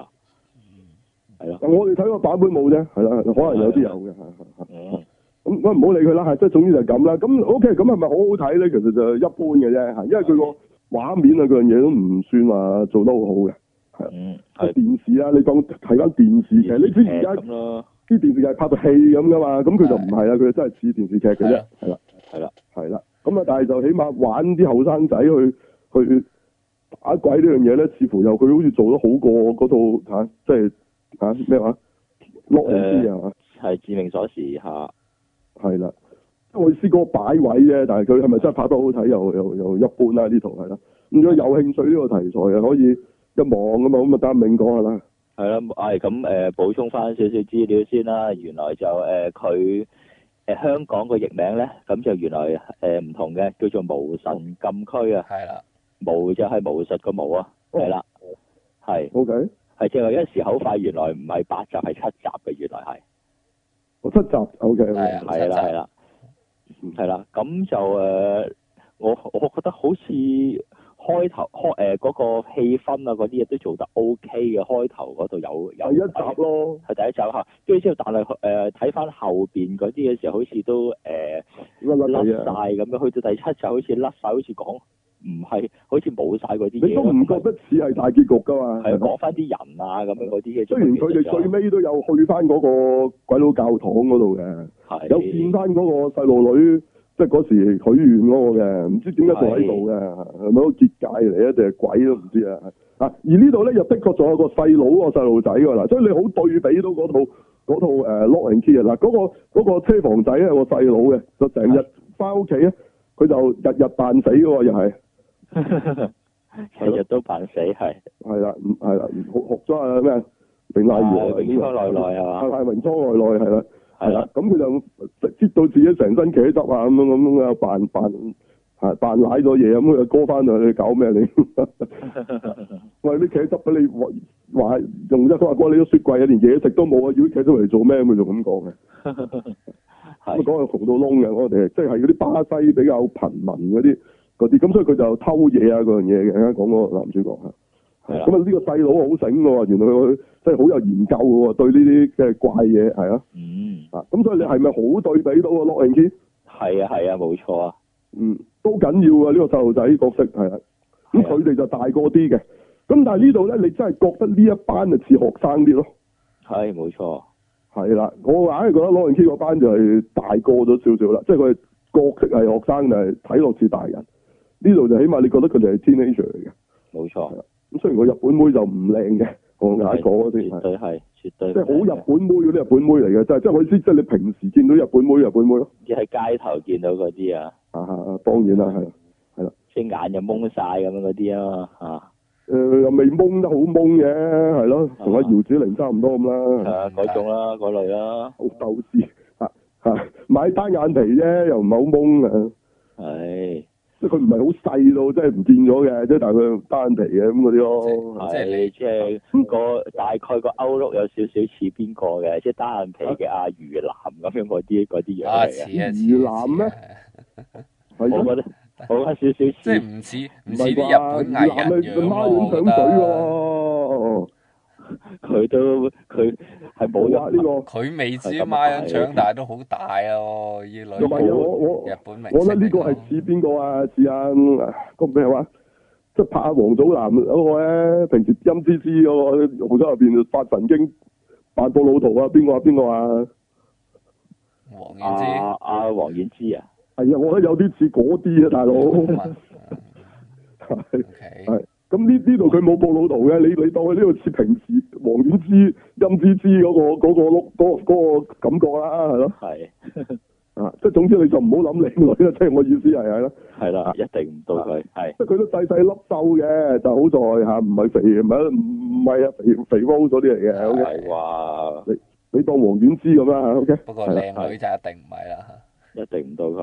係我哋睇個版本冇啫，係啦，可能有啲有嘅，係咁我唔好理佢啦，係即係，總之就係咁啦。咁 O K，咁係咪好好睇咧？其實就一般嘅啫，吓，因為佢個畫面啊，嗰樣嘢都唔算話做得好好嘅，係，嗯，電視啦，你講，睇翻電視劇，你知而家啲電視劇係拍到戲咁噶嘛，咁佢就唔係啦，佢真係似電視劇嘅啫，係啦，係啦，係啦，咁啊，但係就起碼玩啲後生仔去去打鬼呢樣嘢咧，似乎又佢好似做得好過嗰套吓，即係。吓咩、啊、話？落紅係致命鎖匙吓。係、啊、啦，我意思嗰個擺位啫，但係佢係咪真係拍得好睇又又又一般啦、啊？呢套係啦。咁如果有興趣呢個題材啊，可以一望啊嘛。咁啊，等銘講下啦。係、嗯、啦，唉、嗯，咁、嗯、誒，補、嗯嗯、充翻少少資料先啦。原來就誒，佢、呃、誒、呃、香港個譯名咧，咁就原來誒唔、呃、同嘅，叫做巫神禁區啊。係啦、哦，巫就係巫術個巫啊。係啦、哦，係的。O K。係，正話一時口快原不是是，原來唔係八集，係七集嘅，原來係。我七集，O K，係啦，係啦，係啦。咁就誒，我我覺得好似開頭開誒嗰、呃那個氣氛啊，嗰啲嘢，都做得 O K 嘅。開頭嗰度有有一集咯，係第一集吓。跟住、嗯、之後，但係誒睇翻後邊嗰啲嘅時候，好似都誒甩甩晒咁樣，去到第七集好似甩晒，好似講。唔係好似冇晒嗰啲你都唔覺得似係大結局㗎嘛？係講翻啲人啊，咁樣嗰啲嘅。雖然佢哋最尾都有去翻嗰個鬼佬教堂嗰度嘅，是有見翻嗰個細路女，嗯、即係嗰時許願嗰、嗰個嘅，唔知點解坐喺度嘅，係咪好結界嚟一定係鬼都唔知啊！啊，而呢度咧又的確仲有個細佬個細路仔㗎嗱，所以你好對比到嗰套嗰套誒、uh, Locke and Key 啊嗱，嗰、嗰個嗰、嗰個、車房仔咧係、嗰個細佬嘅，就成日翻屋企咧，佢是就日日扮死㗎又係。成日 都扮死係，係啦，係啦，學咗下咩名賴如來，名莊內內係嘛，啊賴名莊內內係啦，係啦，咁佢的就接到自己成身茄汁啊，咁樣咁樣扮扮吓扮奶咗嘢，咁佢又過翻去搞咩 你，我哋啲茄汁俾你話用一鍋，話你都雪櫃啊，連嘢食都冇啊，要茄汁嚟做咩？佢就咁講嘅，咁啊講係窮到窿嘅，我哋即係嗰啲巴西比較貧民嗰啲。啲咁，所以佢就偷嘢啊，嗰樣嘢嘅。啱講嗰個男主角吓，咁啊呢個細佬好醒嘅喎，原來佢真係好有研究嘅喎，對呢啲嘅怪嘢係啊。啊，咁、嗯、所以你係咪好對比到啊？Locke and Key？係啊係啊，冇錯啊。錯嗯，都緊要啊！呢、呢個細路仔角色係啊，咁佢哋就大個啲嘅，咁但係呢度咧，你真係覺得呢一班就似學生啲咯。係冇錯。係啦，我硬係覺得 Locke and Key 嗰班就係大個咗少少啦，即係佢角色係學生，就係睇落似大人。呢度就起碼你覺得佢哋係 teenager 嚟嘅，冇錯。咁雖然我日本妹就唔靚嘅，我硬講嗰啲，絕對係，絕對，是絕對即係好日本妹嗰啲，日本妹嚟嘅，即係即係意思即係你平時見到日本妹日本妹咯，唔知喺街頭見到嗰啲啊，啊當然啦，係係啦，即眼就蒙晒咁樣嗰啲啊，吓、呃，誒又未蒙得好蒙嘅，係咯，同阿的姚子羚差唔多咁啦，嗰、啊、種啦，嗰的類啦，好豆豉吓吓，買單眼皮啫，又唔係好蒙啊。係。佢唔係好細到，真係唔見咗嘅，即係大概單眼皮嘅咁嗰啲咯。即係即係個大概個歐陸有少少似邊個嘅，即係單眼皮嘅阿、啊、的魚男咁樣嗰啲嗰啲樣。阿、啊啊啊、魚男咩？ 我覺得 我覺得少少似，唔似唔似日本藝人喎。啊。佢都佢係冇啊！呢、這個佢未知啊嘛，長大，大都好大啊！要女好日本明星，我覺得呢個係似邊個啊？似啊個咩話？即係拍阿王祖藍嗰個咧，平時陰滋滋嗰個，屋企入邊發神經、扮到老土啊！邊個啊？邊個啊？王菀之。阿阿王菀之啊！係啊，啊，啊，我覺得有啲似嗰啲啊，大佬。 okay. 咁呢呢度佢冇暴露圖嘅，你你當佢呢度似平時黃遠之、陰之之嗰個個碌個感覺啦，係咯。係啊，即係總之你就唔好諗靚女啦，即係我意思係係咯。係啦，一定唔到佢係，佢都細細粒瘦嘅，但好在吓唔係肥唔係唔係啊，肥肥咗啲嚟嘅係哇。你你當黃遠之咁啦，O K。不過靚女就一定唔係啦。一定唔到噶，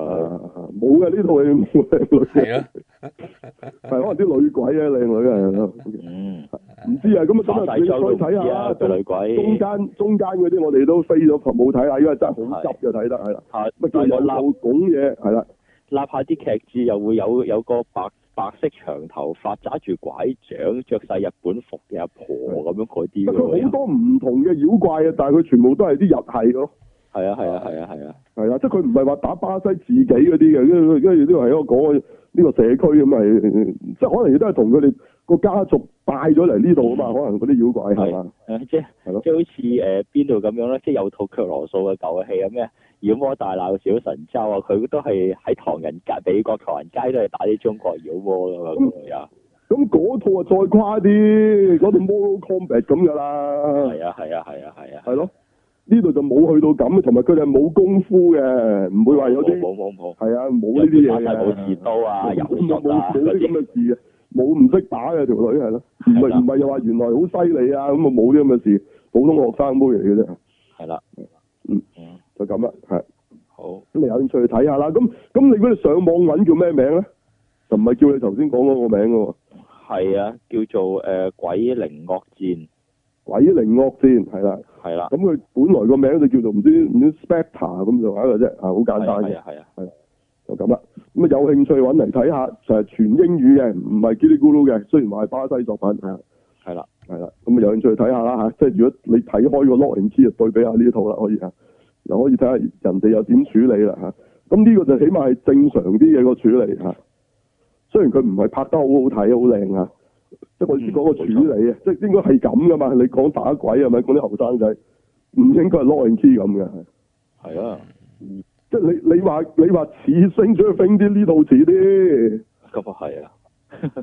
冇嘅呢套戲冇係嘅，係可能啲女鬼啊，靚女啊，嗯，唔知啊，咁啊咁啊，你可睇下啦，女鬼，中間中間嗰啲我哋都飛咗冇睇啦，因為真係好濕嘅，睇得係啦，咪見到有拱嘢係啦，立下啲劇字又會有有個白白色長頭髮揸住拐杖着晒日本服嘅阿婆咁樣嗰啲，佢好多唔同嘅妖怪啊，但係佢全部都係啲日系咯。係啊係啊係啊係啊，係啊，啊，啊，啊，即係佢唔係話打巴西自己嗰啲嘅，因為因為呢個係一個嗰個呢個社區咁咪，即係可能亦都係同佢哋個家族帶咗嚟呢度啊嘛，可能嗰啲妖怪係啊，啊，即係，係咯、啊，即係好似誒邊度咁樣咧，即係有套卻羅素嘅舊嘅戲啊，咩《妖魔大鬧小神州啊，佢都係喺唐人街，美國唐人街都係打啲中國妖魔噶嘛咁啊，咁嗰套啊再誇張啲，嗰套《Mortal Kombat》咁噶啦，係啊係啊係啊係啊，係咯、啊。是啊是啊是啊呢度就冇去到咁，同埋佢哋冇功夫嘅，唔會話有啲，冇冇冇，係啊，冇呢啲嘢嘅，冇刺刀啊，冇冇冇啲咁嘅事啊，冇唔識打嘅條女係咯，唔係唔係又話原來好犀利啊，咁啊冇啲咁嘅事，普通學生妹嚟嘅啫，係啦、啊，嗯，就咁啦，係、啊，啊、好，咁你有興趣睇下啦，咁咁如果你上網搵叫咩名咧，就唔係叫你頭先講嗰個名噶喎，係啊，叫做誒、呃、鬼靈惡戰，鬼靈惡戰係啦。是啊係啦，咁佢本來個名就叫做唔知唔知 Spectros 咁樣嘅啫，啊，好簡單嘅，係啊，係就咁啦。咁啊有興趣揾嚟睇下，就係全英語嘅，唔係嘰里咕嚕嘅。雖然話係巴西作品，係係啦，係啦的。咁啊的有興趣嚟睇下啦吓，即係如果你睇開個 Locke and Key 對比下呢套啦，可以啊，又可以睇下人哋又點處理啦吓。咁、啊、呢個就起碼係正常啲嘅個處理吓、啊，雖然佢唔係拍得好好睇，好靚啊。即係我意思講個處理啊，即係應該係咁噶嘛。你講打鬼係咪？講啲後生仔唔應該係 Locke and Key 咁嘅，係啊。即係你你話你話似星 showing 啲呢套似啲，咁啊係啊，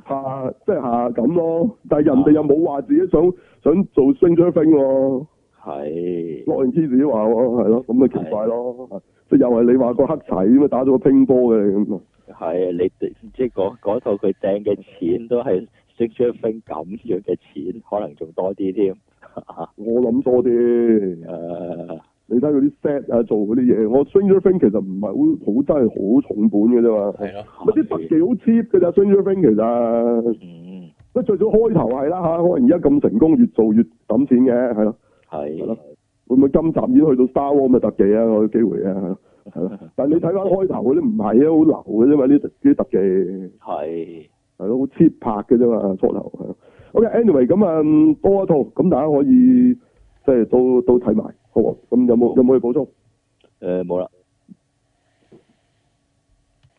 怕即係吓咁咯。但係人哋又冇話自己想想做星 showing 喎。係 Locke and Key 自己話喎，係咯咁咪奇怪咯，即係、啊、又係你話個黑仔咁打咗個乒乓波嘅咁啊。係啊，你即係嗰套佢掟嘅錢都係。咁樣嘅錢可能仲多啲添，我諗多啲誒，你睇嗰啲 set 啊，做嗰啲嘢，我 Stranger Thing 其實唔係好好真係好重本嘅啫嘛，係啲、啊、特技好 cheap 嘅咋，Stranger Thing 其實，不最早開頭係啦吓可能而家咁成功，越做越揼錢嘅，係咯，係咯，會唔會今集已經去到 Star Wars 嘅特技啊？有機會啊，係咯，係咯，但係你睇翻開頭嗰啲唔係啊，好流嘅啫嘛啲啲特技，係。係咯，好切拍嘅啫嘛，初頭係咯。OK，Anyway，、okay，咁啊多、嗯、一套，咁大家可以即係都都睇埋，好。咁有冇有冇去補充？誒、呃，冇啦。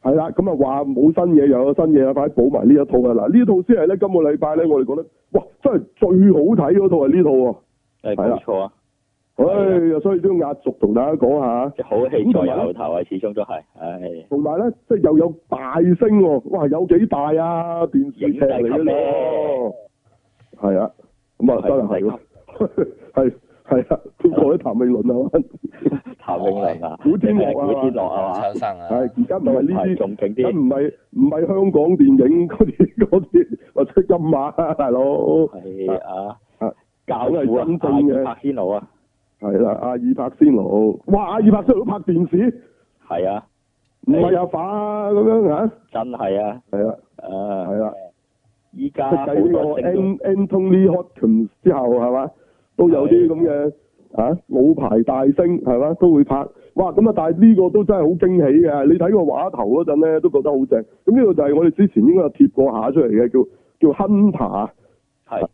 係啦，咁啊話冇新嘢又有新嘢啊，快補埋呢，呢一，套一套啊！嗱的，呢一套先係咧，今個禮拜咧，我哋覺得哇，真係最好睇嗰套係呢套喎。係，冇錯啊。 哎、所以都壓軸同大家講下，好戲在後頭啊，始終都係，同埋咧，即又有大聲喎、哦，哇！有幾大啊？電視劇嚟嘅咯，係啊，咁啊，真係係咯，係啊，邊個咧？啊、譚詠麟啊，譚詠麟啊，古天樂啊，古天樂啊，秋生啊，係而家唔係呢啲，而家唔係唔係香港電影嗰啲或者，音樂啊，大、哎、佬，係啊，啊搞嘅係真正嘅拍片佬啊！啊係啦，阿爾柏仙奴，哇！阿爾柏仙奴拍電視，係啊，唔係有法咁樣吓？真係啊，係啦，係啊。依家呢個 Anthony Hopkins 之後係嘛，都有啲咁嘅啊老牌大星係嘛，都會拍。哇！咁啊，但係呢個都真係好驚喜嘅。你睇個畫頭嗰陣咧，都覺得好正。咁呢個就係我哋之前應該有貼過下出嚟嘅，叫叫 Hunter，係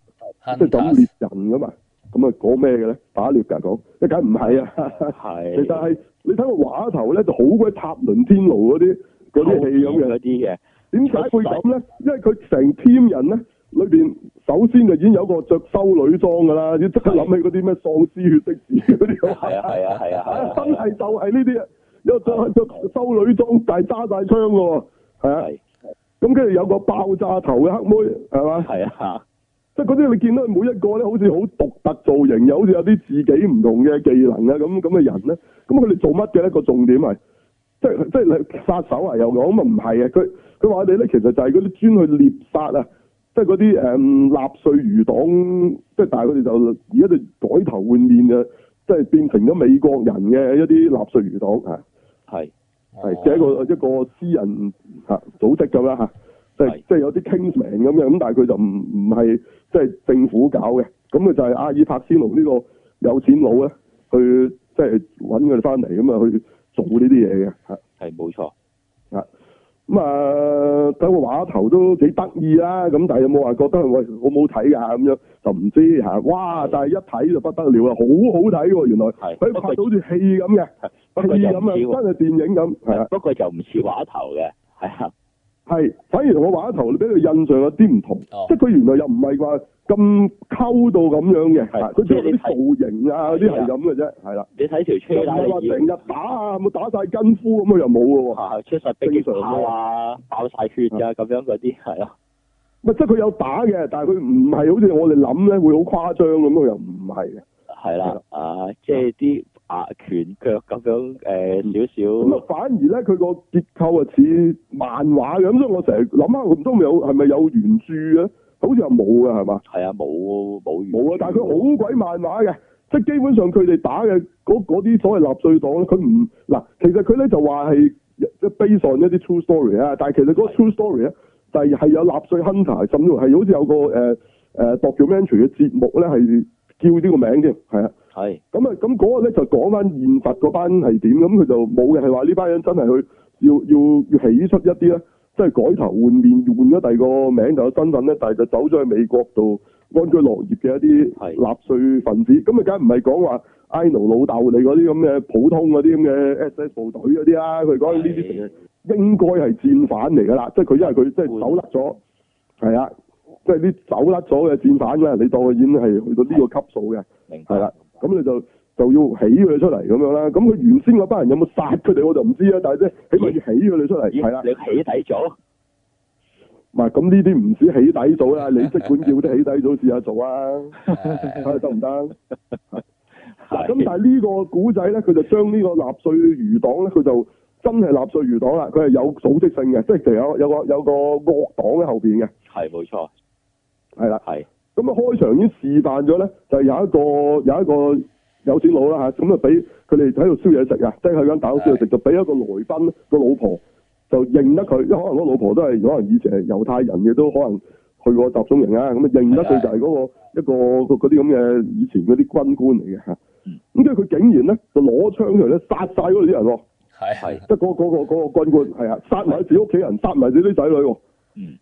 即係咁獵人噶嘛。咁啊，講咩嘅咧？打獵㗎，講，一係梗唔係啊，係。其實係你睇個畫頭咧，就好鬼塔倫天奴嗰啲嗰啲戲咁樣嗰啲嘅。點解會咁咧？因為佢成 team 人咧，裏面首先就已經有個着修女裝㗎啦，即刻諗起嗰啲咩喪屍血滴子嗰啲。係啊係啊係啊，真係就係呢啲，又著着修女裝，但係揸曬槍喎，係啊。咁跟住有個爆炸頭嘅黑妹，係嘛？係啊。即係嗰啲你見到每一個咧，好似好獨特造型，又好似有啲自己唔同嘅技能啊，咁咁嘅人咧，咁佢哋做乜嘅咧？個重點係，即係即係殺手啊，又講咁啊唔係啊，佢佢話你咧，佢哋其實就係嗰啲專去獵殺啊，即係嗰啲誒納粹餘黨，即係但係佢哋就而家就改頭換面啊，即係變成咗美國人嘅一啲納粹餘黨係啊，係係即係一個一個私人嚇組織咁啦嚇。即係是即係有啲 Kingsman 咁樣，咁但係佢就唔唔係即係政府搞嘅，咁佢就係阿爾拍斯隆呢個有錢佬咧，去即係搵佢哋翻嚟咁啊去做呢啲嘢嘅吓。係冇錯，吓咁啊睇個畫頭都幾得意啊！咁但係有冇話覺得係喂好唔好睇噶咁樣？就唔知吓。哇！的但係一睇就不得了啊，好好睇喎！原來佢的拍到好似戲咁嘅，好似咁啊，的真係電影咁。不過就唔似畫頭嘅，係啊。係，反而我畫一頭俾佢印象有啲唔同，即係佢原來又唔係話咁溝到咁樣嘅，佢只有啲造型啊啲係咁嘅啫。係啦，你睇條車成日打啊，冇打晒筋夫，咁啊又冇咯。係，出實正常都係話，爆晒血啊咁樣嗰啲係咯。即係佢有打嘅，但係佢唔係好似我哋諗咧會好誇張咁，又唔係嘅。係啦，啊，即係啲。啊，拳腳咁樣誒，少少。咁啊，反而咧，佢個結構啊似漫畫嘅，咁所以我成日諗下，唔通有係咪有原著呢？好似又冇嘅，係嘛？係啊，冇冇。冇啊，但係佢好鬼漫畫嘅，即係基本上佢哋打嘅嗰啲所謂納粹黨，佢唔嗱，其實佢咧就話係即係 based on 一啲 true story 啊，但係其實嗰個 true story 咧，的就係有納粹 hunter，甚至係好似有個誒誒、呃呃、documentary 嘅節目咧係叫呢個名啫，係啊。係咁啊，咁嗰、嗯那個咧就講翻現實嗰班係點，咁佢就冇嘅，係話呢班人真係去要要要起出一啲咧，即係改頭換面，換咗第二個名字，又有身份咧，但係就走咗去美國度安居樂業嘅一啲係納粹分子，咁啊是的、no，梗唔係講話 INO 老豆你嗰啲咁嘅普通嗰啲咁嘅 SS 部隊嗰啲啊，佢講呢啲成日應該係戰犯嚟㗎啦，即係佢因為佢即係走甩咗，係啊會的，即係啲走甩咗嘅戰犯呢，你當然係去到呢個級數嘅，係啦。咁你就就要起佢出嚟咁樣啦。咁佢原先嗰班人有冇殺佢哋，我就唔知啊。但係即起碼要起佢哋出嚟。係啦、欸，的你起底組。唔係，咁呢啲唔止起底組啦， 你即管叫啲起底組試下做啊，得唔得？咁但係呢個古仔咧，佢就將呢個納粹餘黨咧，佢就真係納粹餘黨啦。佢係有組織性嘅，即、就、係、是、有有個有個惡黨喺後邊嘅。係，冇錯。係啦的，係。咁啊，開場已經示範咗咧，就係、有一個有一個有錢佬啦嚇，咁啊，俾佢哋喺度燒嘢食啊，即係佢間大屋燒嘢食，就俾、是、一個來賓個老婆就認得佢，因為可能嗰老婆都係可能以前係猶太人嘅，亦都可能去過集中營啊，咁啊，認得佢就係嗰、嗰個是的一個嗰啲咁嘅以前嗰啲軍官嚟嘅嚇。咁即係佢竟然咧，嗯、就攞槍嚟咧殺晒嗰啲人喎。係、嗰、係、個，得嗰嗰個嗰個軍官係啊，殺埋自己屋企人，殺埋自己啲仔女喎。嗯。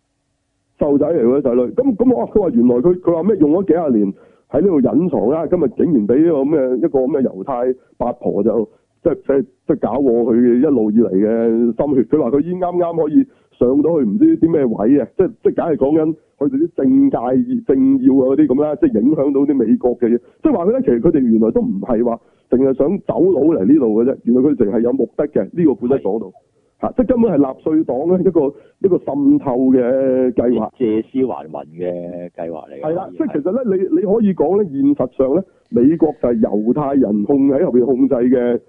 瘦仔嚟嘅細女，咁咁我佢話原來佢佢話咩用咗幾廿年喺呢度隱藏啦，今日竟然俾呢個咁嘅一個咁嘅猶太八婆就即係即係即係攪我佢一路以嚟嘅心血，佢話佢已經啱啱可以上到去唔知啲咩位啊，即係即係梗係講緊佢哋啲政界政要啊嗰啲咁啦，即係影響到啲美國嘅嘢，即係話佢咧，其實佢哋原來都唔係話淨係想走佬嚟呢度嘅啫，原來佢哋淨係有目的嘅呢個本身講到。吓，即係根本係納粹黨咧一個一個滲透嘅計劃，借屍還魂嘅計劃嚟。係啦的，的即其實咧，你你可以講咧，現實上咧，美國就係猶太人控喺後邊控制嘅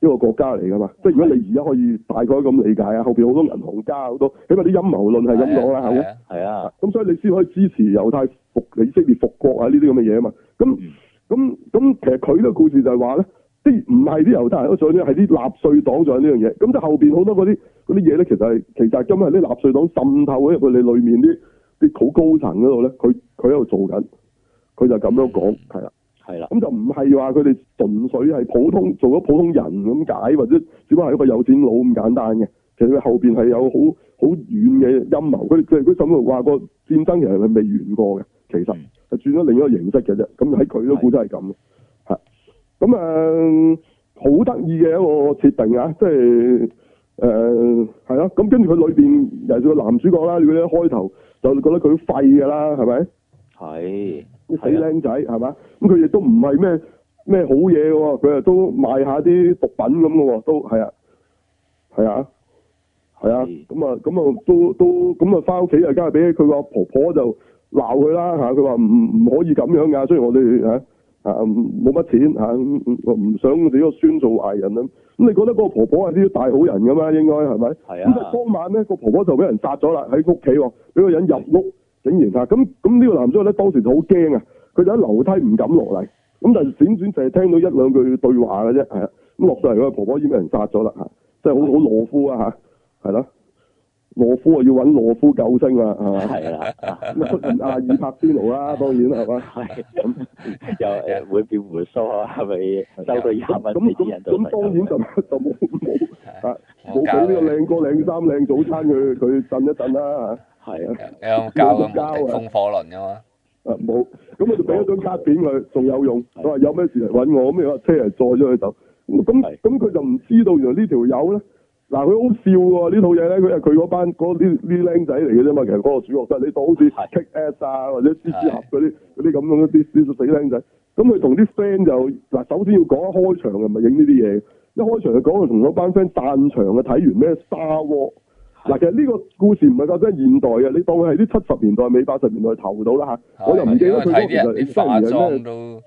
一個國家嚟㗎嘛。的即如果你而家可以大概咁理解啊，後邊好多銀行家好多，起碼啲陰謀論係咁講啦，係啊，啊。咁的所以你先可以支持猶太復以色列復國啊呢啲咁嘅嘢啊嘛。咁咁咁，其實佢呢個故事就係話咧。唔係啲猶太人，所以咧係啲納粹黨做緊呢樣嘢。咁就後邊好多嗰啲啲嘢咧，其實係其實根本係啲納粹黨滲透喺入去你裏面啲啲好高層嗰度咧。佢佢喺度做緊，佢就咁樣講，係啦，係啦的。咁就唔係話佢哋純粹係普通做咗普通人咁解，或者只不過係一個有錢佬咁簡單嘅。其實佢後邊係有好好遠嘅陰謀。佢佢佢甚至話個戰爭其實係未完過嘅，其實係轉咗另一個形式嘅啫。咁喺佢都估得係咁。的咁啊，好得意嘅一個設定、嗯、啊，即係誒係啊。咁跟住佢裏邊又做個男主角啦。如果一開頭就覺得佢廢㗎啦，係咪？係，啲、啊、死靚仔係嘛？咁佢亦都唔係咩咩好嘢嘅喎，佢又都賣下啲毒品咁嘅喎，都係啊，係啊，係啊。咁啊，咁啊，都都咁啊，返屋企啊，梗係俾佢個婆婆就鬧佢啦嚇。佢話唔唔可以咁樣㗎，所以我哋嚇。啊啊，冇乜錢嚇，我、啊、唔想自己個孫做藝人。咁你覺得嗰個婆婆係啲大好人㗎嘛？應該係咪？係啊。咁當晚咧，個婆婆就俾人殺咗啦，喺屋企喎，俾個人入屋整完嚇。咁咁呢個男仔咧，當時就好驚啊，佢就喺樓梯唔敢落嚟。咁就閃轉淨係聽到一兩句對話嘅啫，係啊。咁落到嚟個婆婆已經俾人殺咗啦、啊，真係好好懦夫啊，係啦、啊羅夫啊，要揾羅夫救星的啊，係嘛，係啊，咁出現阿爾帕多啦，當然係嘛？係咁又誒會叫回收啊，係、呃、咪收到廿蚊咁咁咁當然就就冇冇啊，冇俾呢個靚哥靚衫靚早餐佢佢震一震啦，啊係啊，膠啊，風火輪啊嘛。啊冇，咁我就俾一張卡片佢，仲有用。佢話的有咩事揾我，咩話車嚟載咗佢走。咁咁咁佢就唔知道原來呢條友咧。嗱佢好笑喎、哦、呢套嘢咧，佢係佢嗰班嗰啲啲僆仔嚟嘅啫嘛，其實嗰個主角都係你當好似 kick 的 ass 啊或者蜘蛛俠嗰啲啲咁樣一啲、嗰個、死僆仔，咁佢同啲 friend 就嗱，首先要講一開場，又咪影呢啲嘢，一開場就講佢同嗰班 friend 贊場嘅睇完咩沙鍋。嗱的其實呢個故事唔係發生現代嘅，你當係啲七十年代、八十年代頭到啦嚇，的我又唔記得佢嗰其實新年咧都係，都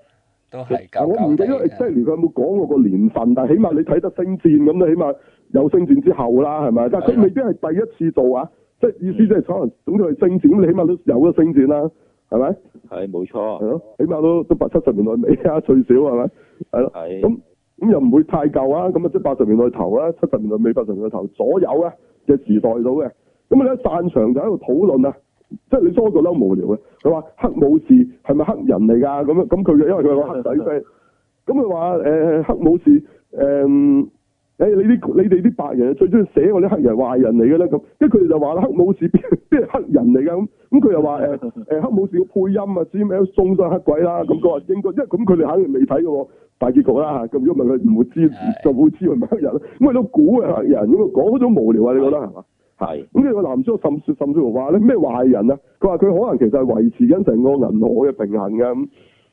高高我唔記得 exactly 佢有冇講過個年份，但係起碼你睇得星戰咁都起碼。有星戰之後啦，係咪？但係佢未必係第一次做啊，即係的意思即係可能總是戰，總之係星戰，你起碼都有咗星戰啦，係咪？係冇錯。係咯，起碼都都八七十年代尾啊，最少係咪？係咯。咁咁的、嗯嗯嗯、又唔會太舊啊？咁啊，即係八十年代頭啊，七十年代尾，八十年代頭，左右啊嘅時代到嘅。咁喺散場就喺度討論啊，即、就、係、是、你多咗都好無聊嘅。佢話黑武士係咪黑人嚟噶？咁咁佢因為佢係個黑仔啫。咁佢話誒黑武士誒。呃你啲你哋啲白人最中意寫我啲黑人壞人嚟嘅咧咁，跟佢哋就話啦，黑武士邊邊係黑人嚟㗎咁，咁佢又話誒誒黑武士配音啊，最屘送咗黑鬼啦，咁佢話應該，因為咁佢哋肯定未睇過大結局啦嚇，咁如果唔係佢唔會知道，就冇的知佢係黑人咯，咁係都估係黑人，咁啊講嗰種無聊啊，的你覺得係嘛？係的，咁你個男主角甚至乎話咧咩壞人啊？佢話佢可能其實係維持緊成個銀河嘅平衡嘅。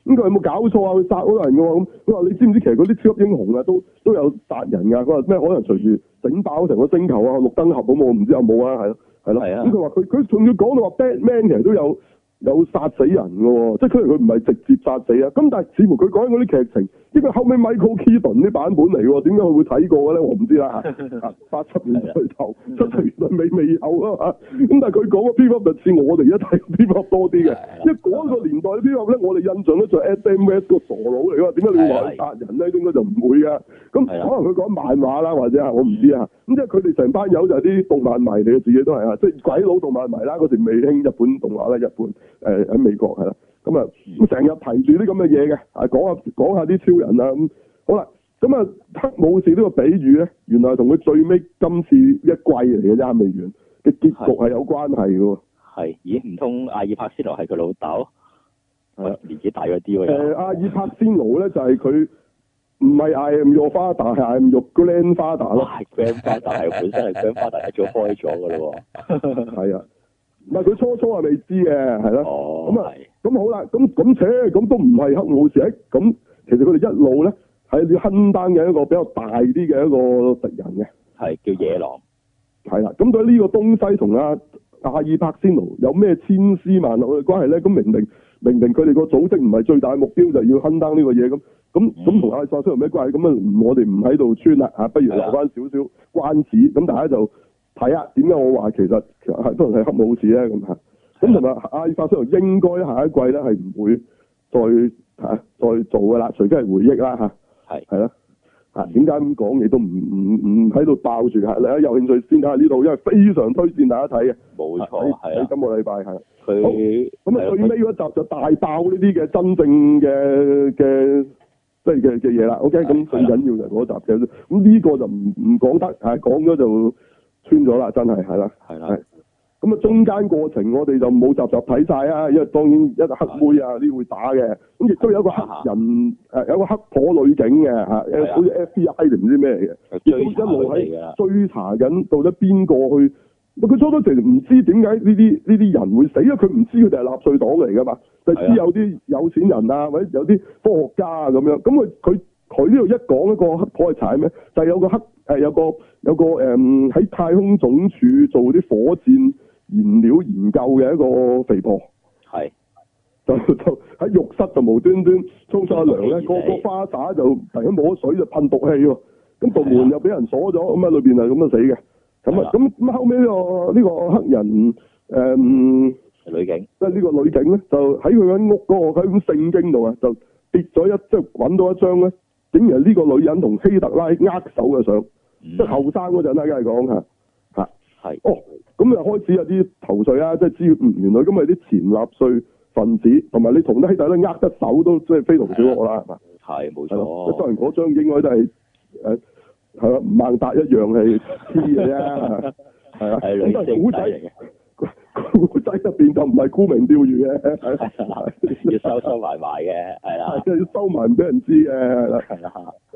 咁佢有冇搞錯啊？佢殺好多人噶喎、啊！咁佢話：你知唔知其實嗰啲超級英雄啊，都都有殺人㗎、啊？佢話咩？可能隨住整爆成個星球啊，綠燈俠咁我唔知有冇啊？係咯，係咯。咁佢話：佢佢仲要講到話 Batman 其實都有。有殺死人嘅喎，即係雖佢唔係直接殺死啊，咁但係似乎佢講緊嗰啲劇情，因為後尾 Michael Keaton 啲版本嚟喎，點解佢會睇過嘅咧？我唔知啦嚇， 八七年最頭，七 七年代未，未有啊。咁但係佢講嘅蝙蝠俠就似我哋而家睇蝙蝠多啲嘅， 因為嗰個年代嘅蝙蝠咧，up, 我哋印象都係 Adam West 個傻佬嚟嘅，點解你話殺人咧？ 應該就唔會嘅，咁、嗯、 可能佢講漫畫啦，或者係我唔知啊，咁即係佢哋成班友就係啲動漫迷嚟嘅，自己都係啊，即係鬼佬動漫迷啦，嗰時未興日本動畫啦，日本。誒，喺、呃、美國係啦，咁啊，成、嗯、日、嗯、提住啲咁嘅嘢嘅，啊講下講下啲超人啊咁、嗯，好啦，咁、嗯、啊黑武士呢個比喻咧，原來同佢最尾今次一季嚟嘅啱未完嘅結局係有關係嘅。係，咦？唔通阿爾帕斯諾係佢老豆？係的年紀大咗啲喎。誒、呃，阿爾帕斯諾咧就係佢唔係 I am your father，係 I am your grand father 咯、啊。grand father 係本身係 grand father 一 早開咗嘅啦。係啊。唔，佢初初係未知嘅，係咯，咁啊，咁好啦，咁咁且咁都唔係黑武士，咁其實佢哋一路咧係亨登嘅一個比較大啲嘅一個敵人嘅，係叫野狼，係啦，咁咁呢個東西同阿阿爾帕斯奴有咩千絲萬縷嘅關係咧？咁明明明明佢哋個組織唔係最大目標，就是、要亨登呢個嘢咁，咁咁同阿薩斯有咩關係？咁啊，我哋唔喺度穿啦不如留翻少少關子，咁的大家就。係啊，點解我話其實都係黑武士咧，咁啊？咁同埋阿爾法斯應該下一季咧係唔會再嚇再做噶啦，除非係回憶啦嚇。係係咯嚇，點解咁講？亦都唔唔唔喺度爆住嚇你，有興趣先睇下呢度，因為非常推薦大家睇嘅。冇錯，係今個禮拜係咁啊，最尾嗰集就大爆呢啲嘅真正嘅嘅即係嘅嘅嘢啦。OK，咁最緊要就嗰集嘅，咁呢個就唔唔講得啊，講咗就。咗啦，真係係啦，係啦，係。咁啊，中間過程我哋就冇集集睇晒啊，因為當然一個黑妹啊啲會打嘅，咁亦都有個黑人誒，有個黑婆女警嘅嚇，好似 FBI 定唔知咩嘢嘅，亦都一路喺追查緊到底邊個去。佢初初成唔知點解呢啲呢啲人會死啊？因為佢唔知佢哋係納粹黨嚟噶嘛？就係知有啲有錢人啊，或者有啲科學家啊咁樣。咁佢佢佢呢度一講一個黑婆係踩咩？就係有個黑。係、嗯、有個有個誒，喺、嗯、太空總署做啲火箭燃料研究嘅一個肥婆，係的就就喺浴室就無端端沖晒涼咧，個個花灑就突然間冇水就噴毒氣喎，咁道門又俾人鎖咗，咁啊的、嗯、裏邊係咁樣死嘅，咁啊咁咁後尾呢、呢個呢、呢個黑人誒、嗯、女警，即係呢個女警咧，就喺佢間屋嗰個喺咁聖經度啊，就跌咗一即係搵到一張咧，竟然呢個女人同希特拉握手嘅相。嗯、即後生嗰陣啦，梗係講吓，係、啊、的哦，咁又開始有啲頭緒啦，即係知唔原來咁日啲前納粹分子，同埋你同得兄弟，弟握得手都即係非同小可啦，係嘛？係冇錯，當然嗰張應該都係誒係啦，萬、啊、達一樣係，係啦，係女仔嚟嘅。 古仔入邊就唔係沽名釣譽嘅，要收收埋埋嘅，係啦，即係要收埋唔俾人知嘅，係啦，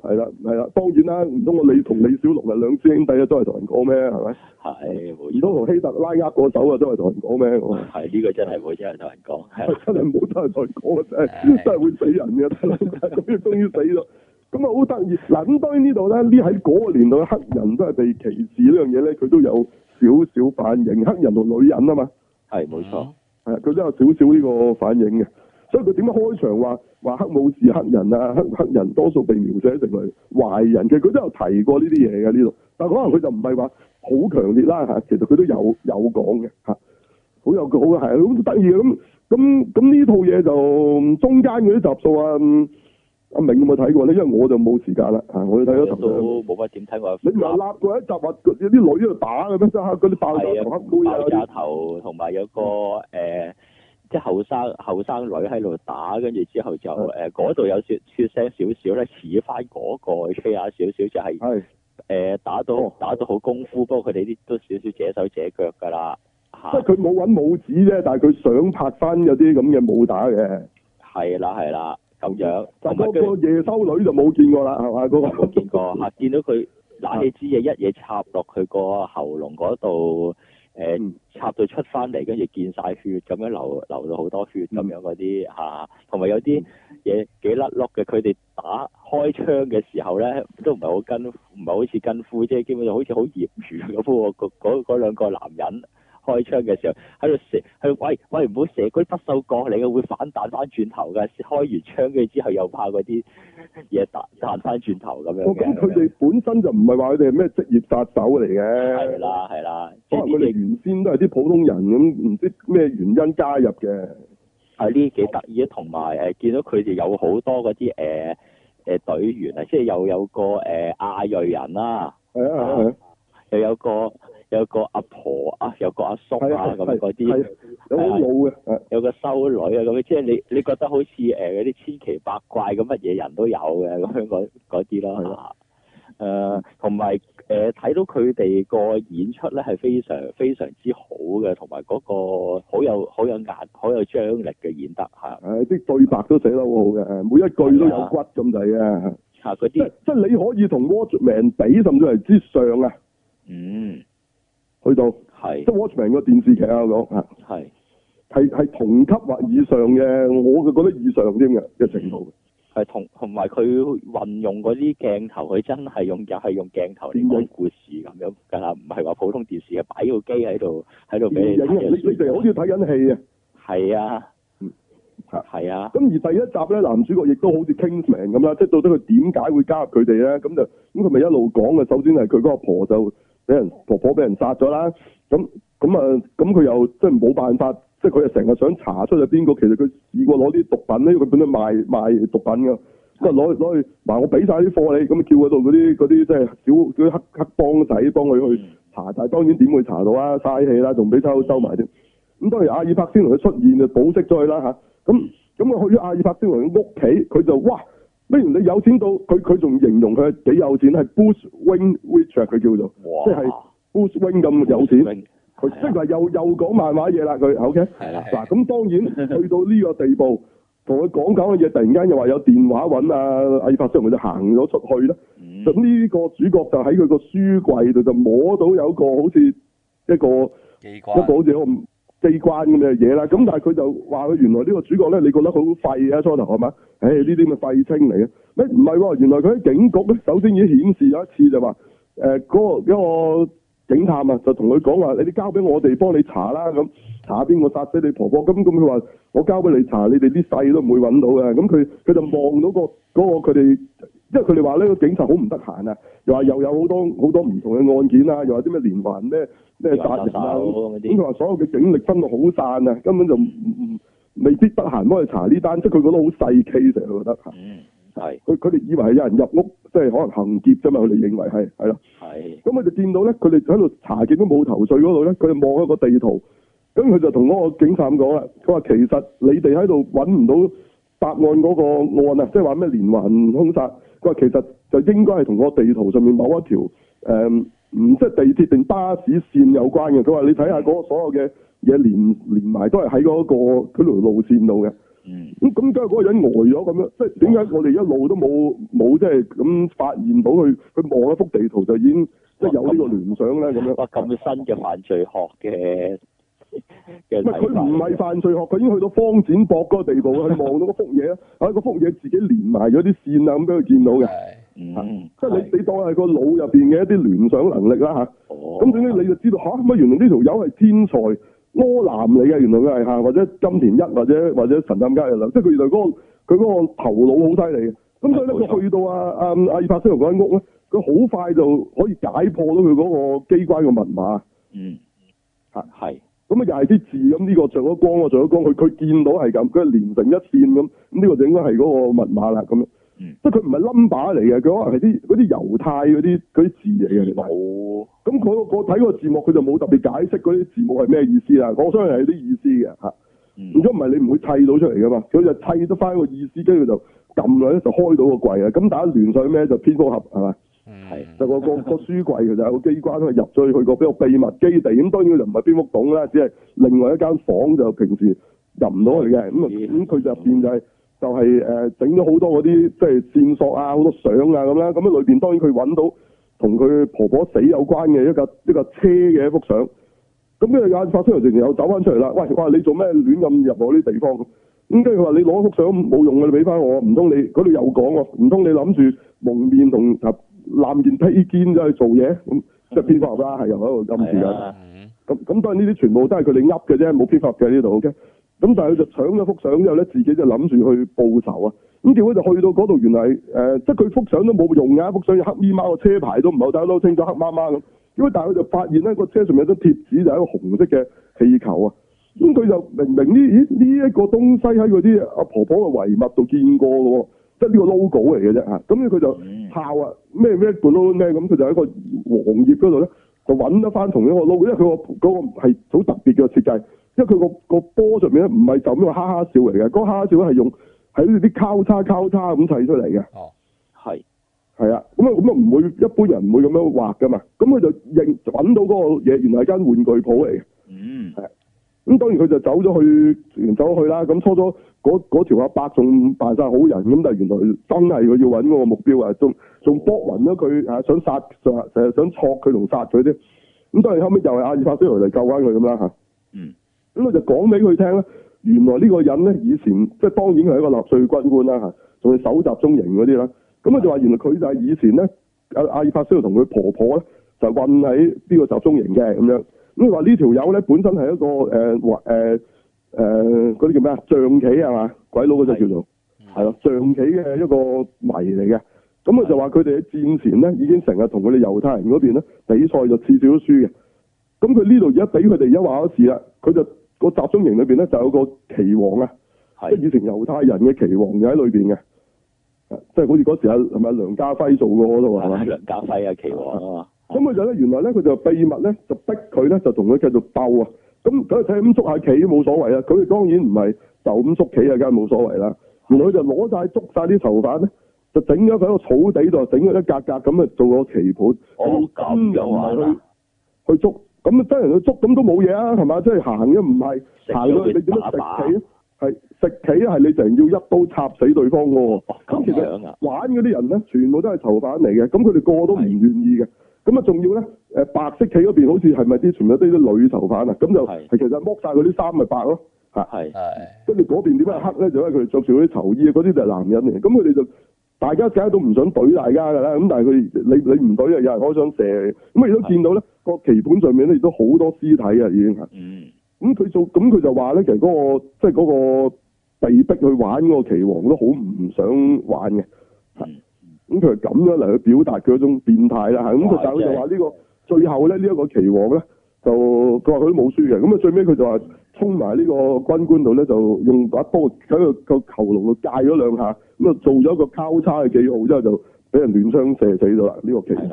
係啦，係啦，當然啦，唔通我你同李小龍啊，兩師兄弟啊，都係同人講咩？係咪？係，唔通同希特拉握過手啊，都係同人講咩？係呢個真係唔好，真係同人講，真係唔好，真係同人講，真係會死人嘅，睇嚟終於死咗。咁啊好得意，咁當然呢度咧，呢喺嗰個年代黑人都係被歧視呢樣嘢咧，佢都有。少少反應黑人同女人啊嘛，係冇錯，係佢都有少少呢個反應嘅，所以佢點解開場話話黑武士黑人啊黑黑人多數被描寫成為壞人嘅，佢都有提過呢啲嘢嘅呢度，但可能佢就唔係話好強烈啦吓，其實佢都有有講嘅吓，好有好係好得意嘅咁咁咁呢套嘢就中間嗰啲集數啊。阿明有冇睇過咧？因為我就冇時間啦，吓，我睇咗十先，冇乜點睇過。你唔係過一集，或有啲女喺度打嘅咩？真係嗰啲大頭，大頭同埋有個誒、嗯呃，即係後生後生女喺度打，跟住之後就誒，嗰度的、呃、有說說聲少少咧，似翻嗰、那個吹下少少就係、是，誒的、呃、打到、哦、打到好功夫，不過佢哋啲都少少姐手姐腳噶啦，即係佢冇搵武指啫，但係佢想拍翻有啲咁嘅武打嘅。係啦，係啦。咁樣，同埋個夜修女就冇見過啦，係咪嗰冇見過嚇、？ 啊，見到佢拿起支嘢一嘢插落佢個喉嚨嗰度，誒、呃、插到出翻嚟，跟住見晒血咁樣流，流到好多血咁、嗯、樣嗰啲嚇，同、啊、埋有啲嘢幾甩碌嘅，佢哋打開槍嘅時候咧，都唔係好跟，唔係好似跟夫，即係基本上好似好業餘咁喎，嗰嗰兩個男人。開槍嘅時候喺度射，喺度喂喂唔好射嗰啲不鏽鋼嚟嘅，會反彈翻轉頭噶。開完槍嘅之後又怕嗰啲嘢彈彈翻轉頭咁樣。咁佢哋本身就唔係話佢哋係咩職業殺手嚟嘅。係啦係啦，即係佢哋原先都係啲普通人咁，唔知咩原因加入嘅。係呢幾得意、呃呃呃、啊，同埋誒見到佢哋有好多嗰啲誒誒隊員啊，即係又有個誒亞裔人啦，又有個。有個阿婆啊，有個阿叔啊，咁啲，有好老嘅，有個修女啊，咁樣即係你你覺得好似誒啲千奇百怪嘅乜嘢人都有嘅咁，香港嗰啲咯。誒，同埋誒睇到佢哋個演出咧係非常非常之好嘅，同埋嗰個好有好有壓、好有張力嘅演得嚇。誒啲對白都寫得好好嘅，每一句都有骨咁滯啊！嚇啲即即你可以同 w a r m a n 比甚至係之上啊！嗯。去到，是即係 Watchmen 個電視劇啊，我講係係係同級或以上嘅，我就覺得以上啲嘅嘅程度。係、嗯、同同埋佢運用嗰啲鏡頭，佢真係用又係用鏡頭嚟講故事咁樣噶，唔係話普通電視啊，擺個機喺度喺度俾你睇你哋好似睇緊戲啊。係啊，係、嗯、啊。咁、啊、而第一集咧，男主角亦都好似 Kingsman 咁啦，即係到底佢點解會加入佢哋咧？咁就咁佢咪一路講嘅，首先係佢嗰個婆就。俾人婆婆俾人殺咗啦，咁咁啊，咁佢又即係冇辦法，即係佢又成日想查出係邊個，其實佢試過攞啲毒品咧，佢本身賣賣毒品噶，咁啊攞去攞去，嗱我俾曬啲貨你，咁叫嗰度嗰啲嗰啲即係小啲黑黑幫仔幫佢去查，但當當然點會查到啊，嘥氣啦，仲俾偷收埋添。咁當然，阿爾伯先奴佢出現就保釋咗佢啦，咁咁佢去咗阿爾伯先奴屋企，佢就哇。雖然你有錢到，佢佢仲形容佢幾有錢，係 Bruce Wayne Richard 佢叫做，哇即係 Bruce Wayne 咁有錢，佢 Bruce Wayne, 即係又、啊、又講漫畫嘢啦，佢，OK，嗱咁、啊啊、當然、啊、去到呢個地步，同佢講緊嘅嘢，突然間又話有電話揾啊，艾發叔佢就行咗出去啦。咁呢、嗯、個主角就喺佢個書櫃度就摸到有個好似一個一個好似一個。官四關咁嘅嘢啦，咁但係佢就話佢原來呢個主角咧，你覺得好廢啊初頭係嘛？唉呢啲咪廢青嚟嘅咩？唔係，原來佢喺警局咧，首先已經顯示咗一次就話，誒嗰個個警探啊，就同佢講話，你哋交俾我哋幫你查啦，咁查下邊個殺死你婆婆。咁咁佢話我交俾你查，你哋啲細都唔會揾到嘅。咁佢佢就望到個嗰個佢哋，因為佢哋話呢個警察好唔得閒啊，又話又有好多好多唔同嘅案件啊，又話啲咩連環咩。咩殺人啊？咁佢話所有嘅警力分到好散啊，根本就唔未必得閒幫你查呢單，即係佢覺得好細 case 成日 e 覺得係。係、嗯。佢佢哋以為係有人入屋，即係可能行劫啫嘛。佢哋認為係係咯。係。咁佢的就見到咧，佢哋喺度查見都冇頭緒嗰度咧，佢就望一個地圖，咁佢就同嗰個警察咁講啦。佢話其實你哋喺度揾唔到答案嗰個案啊，即係話咩連環兇殺。佢話其實就應該係同嗰個地圖上面某一條誒。嗯唔即係地鐵定巴士線有關嘅，佢話你睇下嗰個所有嘅嘢連連埋都係喺嗰個嗰條路線度嘅。咁咁、嗯，梗係嗰個人呆咗咁樣，即係點解我哋一路都冇冇即係咁發現到佢？佢望一幅地圖就已經即係有呢個聯想咧咁、啊、樣。哇、啊！咁新嘅犯罪學嘅。佢唔係犯罪學，佢已經去到方展博嗰個地步。佢望到嗰幅嘢喺嗰幅嘢自己連埋咗啲線啊，咁俾佢見到嘅。嗯，即係你你當係個腦入邊嘅一啲聯想能力啦吓，咁總之你就知道吓，咁是啊，原來呢條友係天才柯南嚟嘅，原來佢係吓，或者金田一或者或者神探伽利略，即係佢原來嗰、那個佢嗰個頭腦好犀利嘅，咁、嗯、所以咧佢錯去到阿阿阿義法師同佢間屋咧，佢好快就可以解破到佢嗰個機關嘅密碼。嗯，吓係，咁啊是又係啲字咁呢、這個着咗光啊着咗光，佢佢見到係咁，佢連成一線咁，咁呢個就應該係嗰個密碼啦咁即係佢唔係 number 嚟嘅，佢、嗯、可能係啲啲猶太嗰啲啲字嚟嘅。其實哦，咁我我睇嗰個字幕，佢就冇特別解釋嗰啲字幕係咩意思啦。我相信係啲意思嘅嚇。如果唔係你唔會砌到出嚟噶嘛？佢就砌得翻個意思，跟住、嗯、就撳咧就，就，就，就開到個櫃啊。咁大家聯想咩就蝙蝠俠係嘛？係的就、嗰個個 個書櫃其實有個機關，入咗去個比較秘密基地。咁當然就唔係蝙蝠洞啦，只係另外一間房就平時入唔到嚟嘅。咁咁佢入邊就係、是。就係誒整咗好多嗰啲即係線索啊，好多相啊咁啦，咁咧裏邊當然佢揾到同佢婆婆死有關嘅一架一架車嘅一幅相，咁跟住案發生又又出嚟，直情又走翻出嚟啦。喂，哇你做咩亂咁入我啲地方咁？咁跟住佢話你攞幅相冇用嘅，你俾翻我，唔通你嗰度又講喎、啊？唔通你諗住蒙面同攬攬件披肩就去做嘢？咁即係蝙蝠俠啦，係又喺度暗住間。咁咁當然呢啲全部都係佢哋噏嘅啫，冇蝙蝠俠嘅呢度 OK。咁但係佢就搶咗幅相之後咧，自己就諗住去報仇啊！咁結果就去到嗰度，原來誒、呃，即係佢幅相都冇用啊。幅相，黑咪貓個車牌都唔夠，但係攞清咗黑媽媽咁。因為但係佢就發現咧，個車上面有張貼紙，就係、是、一個紅色嘅氣球啊！咁佢就明明呢呢一個東西喺嗰啲阿婆婆嘅遺物度見過嘅喎，即係呢個 logo 嚟嘅啫嚇。咁佢就效啊咩咩咕窿咩咁，佢就喺個黃頁嗰度咧，就揾得翻同一個 logo，因為佢個嗰個係好特別嘅設計。因為佢個個波上面咧，唔係咁個哈哈笑嚟嘅，嗰個哈哈笑係用喺啲交叉交叉咁砌出嚟嘅。哦，係，係啊，咁啊，咁啊唔會一般人唔會咁樣畫噶嘛。咁佢就認搵到嗰個嘢，原來係間玩具鋪嚟嘅。嗯，係咁當然佢就走咗去，走咗去，去啦。咁初初嗰嗰條阿伯仲扮晒好人，咁但係原來真係佢要搵嗰個目標啊，仲仲搏暈咗佢啊，想殺，就想捉佢同殺佢啫。咁當然後尾又係阿爾法斯飛嚟救翻佢咁啦吓。嗯。咁佢就講俾佢聽啦，原來呢個人咧以前即係當然係一個納粹軍官啦吓，仲要守集中營嗰啲啦。咁啊就話原來佢就係以前咧阿阿爾法斯同佢婆婆咧就困喺呢個集中營嘅咁樣。咁佢話呢條友咧本身係一個誒或誒誒嗰啲叫咩啊象棋，係嘛，鬼佬嗰隻叫做係咯的象棋嘅一個謎嚟嘅。咁啊就話佢哋喺戰前咧已經成日同佢哋猶太人嗰邊咧比賽，就至少都輸嘅。咁佢呢度而家俾佢哋而家話事啦，佢就。個集中營裏邊咧就有個棋王啊，即係以前猶太人嘅棋王就喺裏邊嘅，即係好似嗰時阿係咪梁家輝做過咯，係梁家輝啊，棋王，啊。咁佢就咧，原來咧佢就秘密咧就逼佢咧就同佢繼續鬥啊，咁佢睇咁捉下棋冇所謂啊，佢當然唔係就咁捉棋啊，梗係冇所謂啦。然後佢就攞晒捉晒啲囚犯咧，就整咗喺個草地度，整咗一個格格咁啊做個棋盤。好，咁又話啦。啊、佢去捉。咁啊，真人去捉，咁都冇嘢啊，係嘛？即係行咗唔係，行咗你點樣食棋？係食棋係你成日要一刀插死對方喎。咁、哦、其實玩嗰啲人咧，全部都係囚犯嚟嘅。咁佢哋個個都唔願意嘅。咁啊是的，仲要咧誒白色棋嗰邊，好似係咪啲全部都啲女囚犯啊？咁是的 就係其實剝晒佢啲衫咪白咯嚇。係跟住嗰邊點解黑咧？是的 就因為佢着住嗰啲囚衣，嗰啲就係男人嚟。咁佢哋就大家大家都唔想懟大家㗎啦。咁但係佢你你唔懟啊，有人開槍射。咁你都見到咧。個棋盤上面咧亦都好多屍體啊，已經係，咁佢做咁佢就話咧，其實嗰、那個即係嗰個被逼去玩嗰個棋王都好唔想玩嘅，咁佢係咁樣嚟去表達佢一種變態啦，吓咁佢大就話呢、這個 okay. 最後咧呢一個棋王咧就佢話佢都冇輸嘅，咁啊最尾佢就話衝埋呢個軍官度咧就用把刀喺個個頭顱度界咗兩下，咁啊做咗一個交叉嘅記號之後就俾人亂槍射死咗啦，呢、這個棋係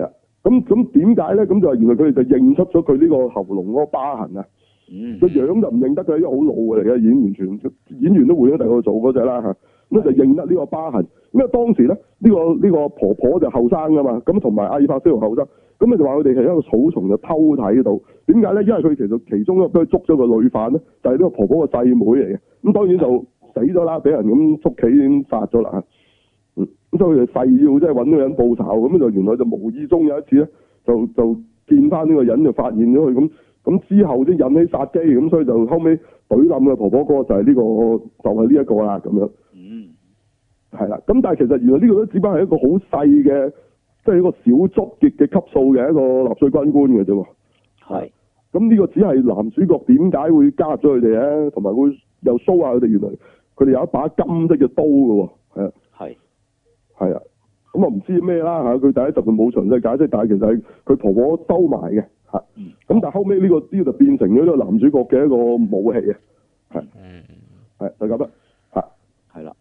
啦。的咁咁點解咧？咁就係原來佢哋就認出咗佢呢個喉嚨嗰個疤痕啊！個、嗯、樣就唔認得，佢已經好老嘅嚟嘅，已經完全演員都換咗第二個做嗰隻啦嚇。咁咧就認得呢個疤痕。咁啊當時咧，呢、呢個呢、呢個婆婆就後生噶嘛，咁同埋阿爾法菲都後生。咁咧就話佢哋係一個草叢就偷睇到。點解咧？因為佢其實其中一個都捉咗個女犯咧，就係呢個婆婆嘅細妹嚟嘅。咁當然就死咗啦，俾人咁捉企已經殺咗啦嚇。咁所以就誓要即係揾呢個人報仇，咁啊就原來就無意中有一次咧，就就見翻呢個人就發現咗佢咁，咁之後都引起殺機，咁所以就後尾，懟冧嘅婆婆哥就係呢個，就係呢一個啦，咁樣。嗯，係啦，咁但係其實原來呢個都只不過係一個好細嘅，即係一個小卒級嘅級數嘅一個納粹軍官嘅啫。係。咁呢個只係男主角點解會加入咗佢哋咧？同埋會又 show 下佢哋原來佢哋有一把金色嘅刀嘅，係啊。係啊，咁、嗯嗯嗯嗯嗯、啊唔知咩啦吓，佢第一集佢冇詳細解釋，但係其實係佢婆婆收埋嘅吓，咁、啊嗯、但係後尾呢、這個呢、這個、就變成咗一個男主角嘅一個武器啊，係、嗯，係、啊，就咁啦，吓、啊，係啦、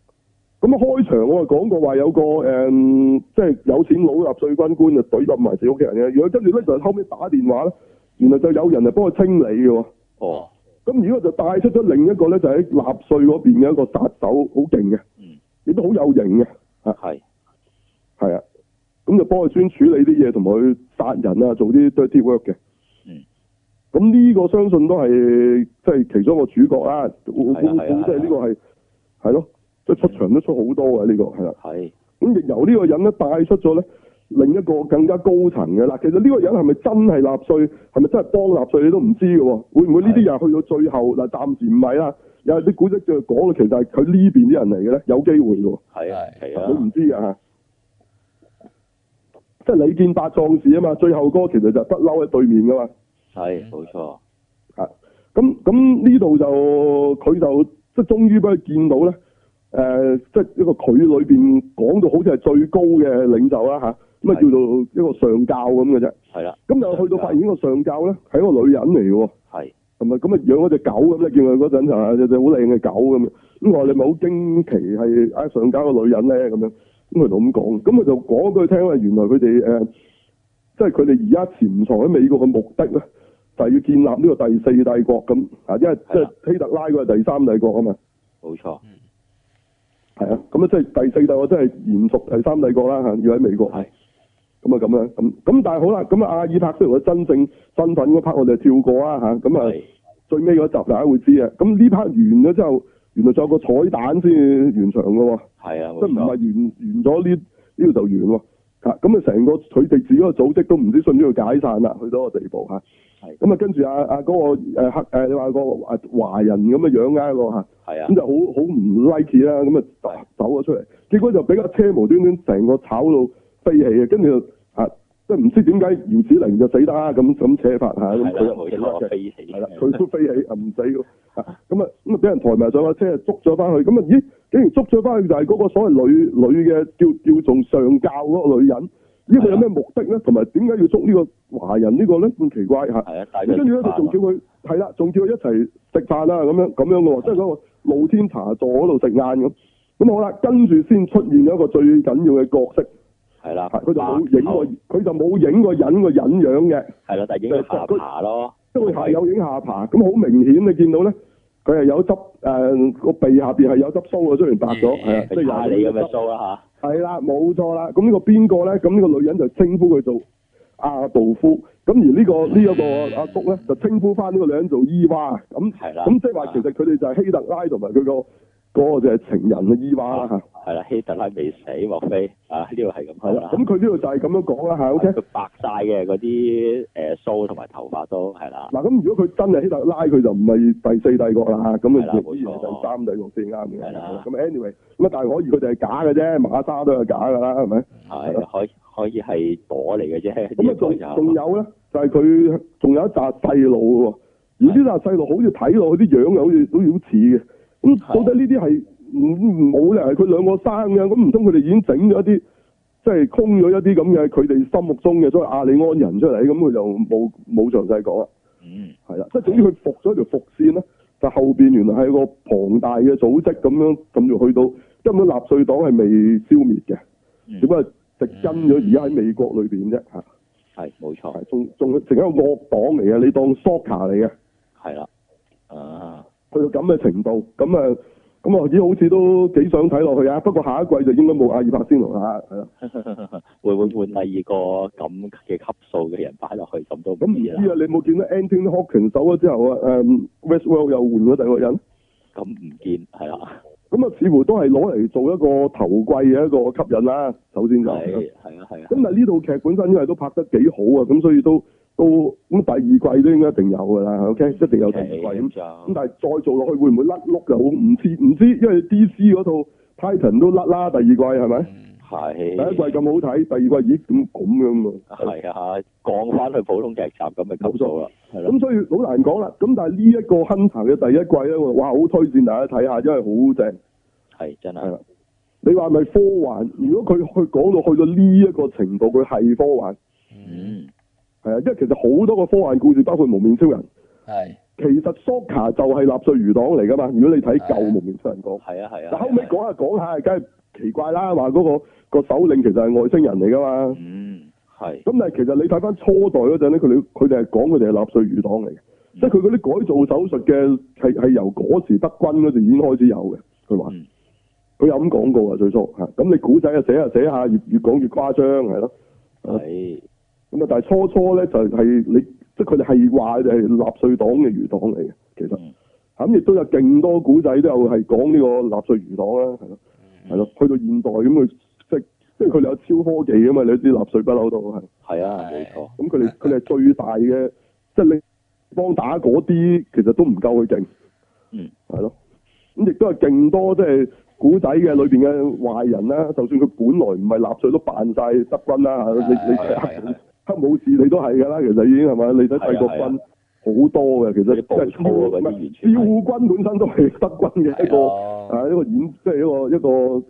嗯，咁、嗯、開開場我就講過話有個誒，即、嗯、係、就是、有錢佬納粹軍官就懟冧埋自己屋企人嘅，如果跟住咧就後尾打電話咧，原來就有人啊幫佢清理嘅，哦，咁如果就帶出咗另一個咧就喺納粹嗰邊嘅一個殺手，好勁嘅，亦都好有型嘅。.吓係，係啊，咁就幫佢專處理啲嘢，同埋去殺人啊，做啲 dirty work 嘅。嗯。咁呢個相信都係即係其中一個主角啦。係啊，係啊。即係呢個係，係咯，即係出場都出好多嘅呢個係啦。係。咁由呢個人咧帶出咗咧，另一個更加高層嘅啦。其實呢個人係咪真係納粹，係咪真係幫納粹，你都唔知嘅。會唔會呢啲又去到最後嗱？暫時唔係啦。有啲古籍就講嘅，其實係佢呢邊啲人嚟嘅咧，有機會嘅喎。係啊，係啊，佢唔知嘅嚇。的即係李建百壯士啊嘛，最後嗰個其實就不嬲喺對面嘅嘛。係的，冇錯的。嚇，咁咁呢度就佢就即係終於俾佢見到咧。誒、呃，即係一個佢裏邊講到好似係最高嘅領袖啦嚇，咁啊叫做一個上教咁嘅啫。係啦的。咁又去到發現呢個上教咧，係一個女人嚟嘅喎。咁啊！養嗰隻狗咁，你見佢嗰陣啊，係隻好靚嘅狗咁樣。咁我哋咪好驚奇係啊上街個女人咧咁樣。咁佢就咁講，咁佢就講咗佢聽啦。原來佢哋誒，即係佢哋而家潛藏喺美國嘅目的咧，就係、是、要建立呢個第四帝國咁啊！因為即係希特拉嗰個第三帝國啊嘛。冇錯的，係啊的！咁啊，即係第四帝國真係延續第三帝國啦嚇，要喺美國。係的。咁啊咁啦，咁咁但係好啦，咁啊，阿爾柏雖然嘅真正身份嗰 part 我哋跳過啊嚇，咁的啊。最尾嗰集大家會知呀。咁呢 part 完咗之後，原來仲有一個彩蛋先完場嘅喎。係啊。啊，即唔係完完咗呢？呢度就完喎。咁啊，成個佢哋自己個組織都唔知順咗去解散啦，去到個地步嚇。係。咁啊，跟住阿阿嗰個黑誒、啊嗰個啊，你話個華人咁嘅樣嘅個嚇。係啊。咁的、啊、就好好唔 like 啦。咁、like，啊走咗出嚟，的結果就俾架車無端端成個炒到飛起啊！跟住。唔知點解姚子羚就死得咁咁扯法嚇，咁佢又飛起，係啦， 佢都飛起啊，唔死咁啊咁啊，俾人抬埋上架車，捉咗翻去咁啊咦，竟然捉咗翻去就係、是、嗰個所謂女女嘅叫叫做上教嗰個女人，呢、這個有咩目的咧？同埋點解要捉呢個華人個呢個咧咁奇怪嚇？跟住咧就仲叫佢係啦，仲叫佢一齊食飯啊咁、啊、樣咁樣嘅喎，的即係嗰個露天茶座嗰度食晏咁咁好啦，跟住先出現咗一個最緊要嘅角色。係啦，佢就冇影過，佢頭就冇影過人個隱樣嘅。係咯，就影、是、下爬咯，即係有影下爬，咁好的明顯你見到咧，佢係有執誒個鼻下邊係有執鬚嘅，雖然白咗，係啊、嗯，鬚下你咁嘅鬚啦吓。係的啦，冇錯啦。咁呢個邊個咧？咁呢個女人就稱呼佢做阿道、啊、夫，咁而呢、這個呢一 個阿福咧，就稱呼翻呢個女人做伊娃。咁咁的即係話，其實佢哋就係希特拉同埋佢個。嗰個就係情人嘅伊娃啦，係啦，希特拉未死莫非啊？呢個係咁啦。係啦，咁佢呢度就係咁樣講啦，係 OK。佢白晒嘅嗰啲鬍鬚同埋頭髮都係啦。嗱咁，如果佢真係希特拉，佢就唔係第四帝國啦。咁佢可以，第三帝國先啱嘅。係啦。咁 anyway，咁但係可以佢就係假嘅啫，馬沙都係假嘅啦，係咪？係，可可以係朵嚟嘅啫。咁啊，仲仲有咧，就係佢仲有一紮細路喎。而呢紮細路好似睇落去啲樣又好似都好似似嘅。咁到底呢啲係唔冇理？係佢兩個生嘅，咁唔通佢哋已經整咗一啲，即係空咗一啲咁嘅佢哋心目中嘅所謂阿利安人出嚟，咁佢就冇冇詳細講啦。嗯，係啦，即係總之佢伏咗條伏線啦，就後邊原來係一個龐大嘅組織咁樣，咁就去到根本納粹黨係未消滅嘅，只不過植根咗而家喺美國裏邊啫嚇。係，冇錯，仲仲剩一個惡黨嚟嘅，你當 Soccer 嚟嘅。係啦。啊。去到咁嘅程度，咁、嗯、啊，咁、嗯、啊，咦好似都幾想睇落去啊！不過下一季就應該冇阿爾柏先奴啦嚇，係、啊、咯。換 換第二個咁嘅級數嘅人擺落去咁多，咁唔知、嗯、知啊？你冇見到 Anthony Hopkins 走咗之後啊？誒、嗯、Westworld 又換咗第二個人。咁唔、嗯嗯嗯、見，係啦。咁啊、嗯，似乎都係攞嚟做一個頭季嘅一個吸引啦。首先就係係啊係啊。咁啊，呢套劇本身因為都拍得幾好啊，咁、嗯、所以都。到咁第二季都應該一定有噶啦，OK 一定有第二季咁咁，白但係再做落去會唔會甩碌噶？好唔知唔知，因為 DC 嗰套 Titan 都甩啦，第二季係咪？係第一季咁好睇，第二季咦咁咁噶嘛？係啊，降翻去普通劇集咁咪收數啦。係咁所以好難講啦。咁但係呢一個 Hunters 嘅第一季咧，我哇好推薦大家睇下，因為好正。係真係、啊。你話係咪科幻？如果佢去講到去到呢一個程度，佢係科幻。嗯。係啊，因為其實好多個科幻故事，包括《幪面超人》啊，係，其實 Soka 就係納粹餘黨嚟噶嘛。如果你睇舊《幪面超人講》講，係啊係啊，是啊是啊但後尾講下講下，梗係奇怪啦。話嗰、那個、那個首領其實係外星人嚟噶嘛。嗯、係、啊。咁但係其實你睇翻初代嗰陣咧，佢哋佢哋係講佢哋係納粹餘黨嚟嘅，嗯、即係佢嗰啲改造手術嘅係係由嗰時德軍嗰陣已經開始有嘅。佢話，佢、嗯、有咁講過初啊，最初吓。咁你古仔啊，寫下寫下，越越講越誇張，係咯。係。咁啊！但係初初咧就係、是、你，即係佢哋係話就係納粹黨嘅餘黨嚟嘅，其實咁亦、mm hmm. 都有勁多古仔都有係講呢個納粹餘黨啦，係咯，係咯、mm，hmm. 去到現代咁佢即係即係佢哋有超科技啊嘛！你知納粹不嬲都係係啊，冇錯。咁佢哋佢哋最大嘅即係你幫打嗰啲，其實都唔夠佢勁，嗯、mm，係、hmm. 咯。咁亦都有勁多即係古仔嘅裏邊嘅壞人啦。就，是 mm hmm. 就算佢本來唔係納粹都扮晒德軍啦、mm hmm.，你你睇 黑武士你都係㗎啦，其實已經係咪？你睇帝國軍好、啊啊、多嘅，其實即係召軍本身都係德軍嘅、啊、一個啊，啊一個演，即、就、係、是、一個一個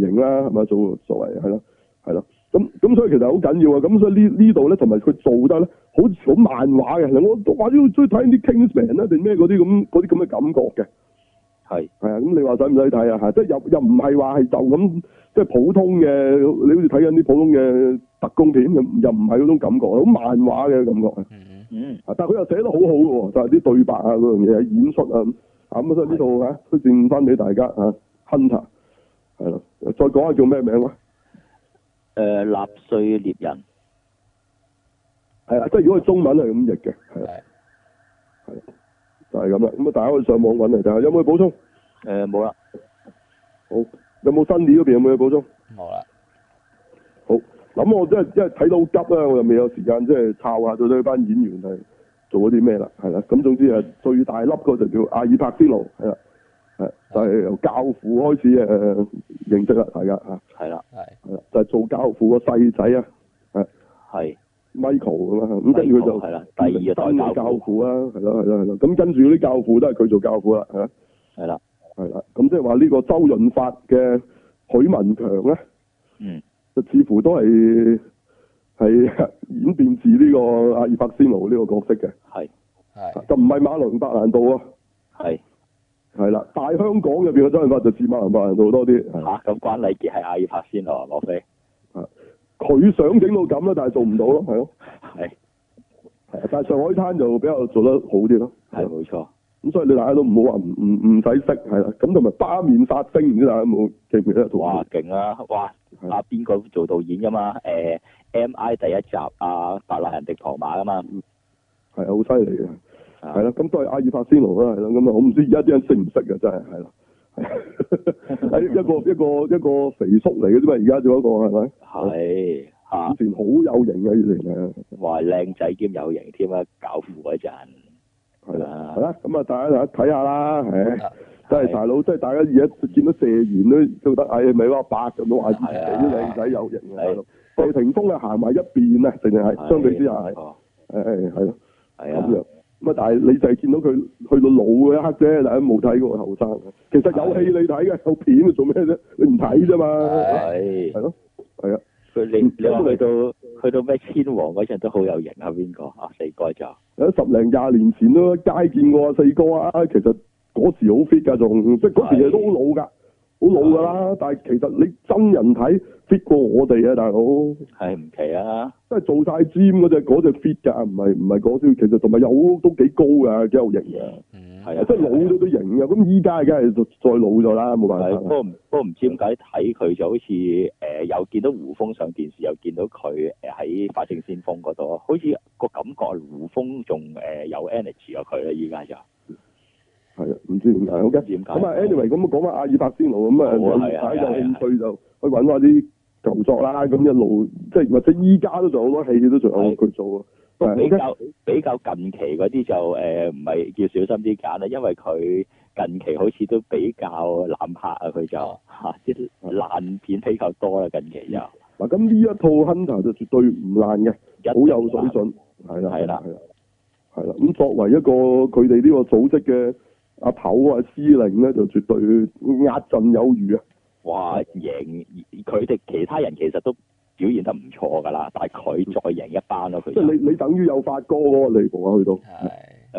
原型啦，係咪做所謂係咯係咯？咁咁所以其實好緊要啊！咁所以呢呢度咧同埋佢做得咧，好似好漫畫嘅。我都話要追睇啲 Kingsman 啊定咩嗰啲咁嗰啲咁嘅感覺嘅。係係啊，咁是你話使唔使睇啊？吓，即係又又唔係話係就咁，即係普通嘅，你好似睇緊啲普通嘅特工片，又又唔係嗰種感覺，好漫畫嘅感覺啊。嗯嗯、但係佢又寫得好好嘅就係、是、啲對白啊，嗰樣嘢演出啊，咁所以呢度啊，都推薦翻俾大家啊。Hunter 係咯，再講下叫咩名啊？誒、呃，納粹獵人係啊，即係如果係中文係咁譯嘅，係係。是的就係咁啦，咁啊大家可以上網揾嚟。睇下有冇補充？誒、呃，冇啦。好，有冇新啲嗰邊有冇嘢補充？好啦了。好，咁我即係即係睇到急啦，我又未有時間即係抄下到底班演員係做咗啲咩啦，係啦。咁總之啊，最大粒個就叫阿爾柏仙奴，係啦，係的就係由教父開始誒、呃、認識啦，大家吓。係啦，係係啦，是的就係做教父個細仔啊，誒係。Michael 咁跟住佢就係啦，第二個新嘅教父啦。係咯係咯係咯，咁跟住啲教父都係佢做教父啦，係啊，係啦，係啦，咁即係話呢個周潤發嘅許文強咧，嗯，就似乎都係係演變自呢個阿爾伯仙奴呢個角色嘅，係係就唔係馬龍白蘭度啊，係係啦，大香港入邊嘅周潤發就似馬龍白蘭度多啲嚇，咁關禮傑係阿爾伯仙奴，羅飛。佢想整到咁啦，但係做唔到咯，係咯，係，係啊，但係上海灘就比較做得好啲咯，係冇錯，咁所以你大家都唔好話唔唔唔使識係啦，咁同埋疤面煞星唔知大家有冇記唔記得哇，勁啊！哇，阿邊的、啊、個做導演噶嘛？誒、呃、M I 第一集啊，白賴仁迪龐馬㗎嘛，係好犀利啊，係啦，咁的都係阿爾柏仙奴啦，係啦，咁啊，我唔知而家啲人識唔識啊。真係係啦。係一個一個一個肥叔嚟嘅啫嘛，而家做一個係咪？係以前好有型嘅，以前啊，哇，靚仔兼有型添啊，搞富嗰陣係啦，係啦，咁啊，大家睇下啦，係真係大佬，真係大家而家見到謝賢都做得，係咪話白咁多牙齒，幾靚仔有型嘅，謝霆鋒啊行埋一邊啊，淨係相對之下係係係啊。咁啊！但係你就係見到佢去到老嘅一刻啫，大家，冇睇過後生。其實有戲你睇嘅，的有片做咩啫？你唔睇啫嘛。係係咯，係啊。佢你你都嚟到去到咩天王嗰陣都好有型啊！邊個啊？四哥咋？十零廿年前都街見過啊！四哥啊，其實嗰時好 fit 㗎，仲即係嗰時其實都好老㗎。好老噶啦，但係其實你真人睇 fit 過我哋啊，大佬係唔奇啊，真係做晒 gym 嗰隻嗰隻 fit 噶，唔係唔係講，其實同埋有都幾高噶，即係好型啊，係啊，即係老咗都型嘅。咁依家梗係再老咗啦，冇辦法。不過唔不過唔知點解睇佢就好似誒，又、呃、見到胡楓上電視，又見到佢喺《法證先鋒》嗰度，好似個感覺係胡楓仲誒有 energy 咗佢咧，依家就。係啊，唔知點解，好嘅。咁啊，Anyway，咁講翻阿爾伯斯奴咁啊，大家有興趣就去揾下啲舊作啦。咁一路即係或者依家都仲好多戲，都仲有佢做啊。比較比較近期嗰啲就誒唔係叫小心啲揀啦，因為佢近期好似都比較濫拍啊，佢就嚇啲爛片比較多啦。近期又嗱，咁呢一套 Hunter 就絕對唔爛嘅，好有水準。係啦，係啦，係啦，係啦。咁作為一個佢哋呢個組織嘅。阿頭啊，司令呢就絕對壓盡有餘啊！哇，贏佢哋其他人其實都表現得唔錯噶啦，但係佢再贏一班咯。即係你你等於有發哥你部啊，去到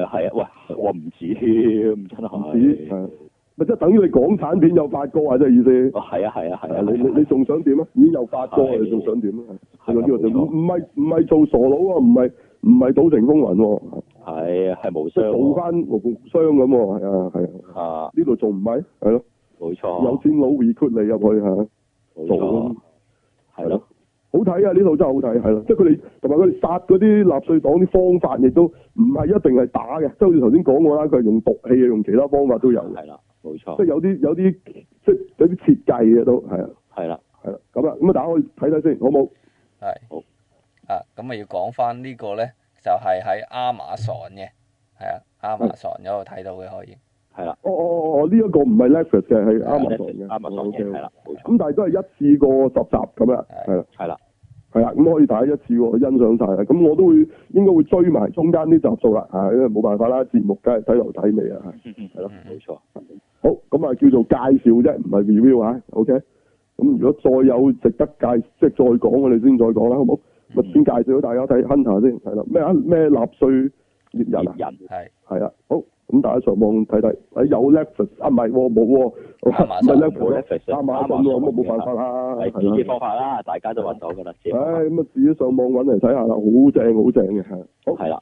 係啊！喂，我唔知，真係唔知，咪即係等於你港產片有發哥啊！即係意思哦，係啊，係啊，係啊！你你你仲想點啊？已經有發哥，你仲想點啊？去到呢度就唔係唔係做傻佬啊！唔係。唔係賭城風雲喎，係啊，係無商賭翻無商咁，係啊，係啊，啊呢度仲唔係？係咯，冇錯，有錢佬 recruit 你入去吓，冇錯，係咯，好睇啊！呢套真係好睇，係啦，即係佢哋同埋佢哋殺嗰啲納粹黨啲方法，亦都唔係一定係打嘅，即係好似頭先講過啦，佢係用毒氣啊，用其他方法都有，係啦，冇錯，即係有啲有啲即係有啲設計嘅都係啊，係啦，係啦，咁啊，咁啊打開睇睇先，好冇？係，好。啊，咁啊要講翻呢個咧，就係喺亞馬遜嘅，係啊，亞馬遜嗰度睇到嘅可以係啦。哦哦哦，呢一個唔係 Netflix 嘅，係亞馬遜嘅，亞馬遜嘅。係啦，冇錯。咁但係都係一次過十集咁樣，係啦，係啦，係啦，咁可以睇一次，去欣賞晒啦。咁我都會應該會追埋中間啲集數啦，吓，因為冇辦法啦，節目梗係睇頭睇尾啊，係咯，冇錯。好，咁啊叫做介紹啫，唔係 review 啊。OK，咁如果再有值得介，即係再講我哋先再講啦，好唔好？先介紹下大家睇下先，係啦，咩啊咩納粹獵人人，係係啊。好，咁大家上網睇睇，有 Netflix 啊，唔係喎，冇喎，三 s 咁樣都冇辦法啦，係自己方法啦，大家都揾到㗎啦，唉，咁啊自己上網揾嚟睇下啦，好正好正嘅，好係啦。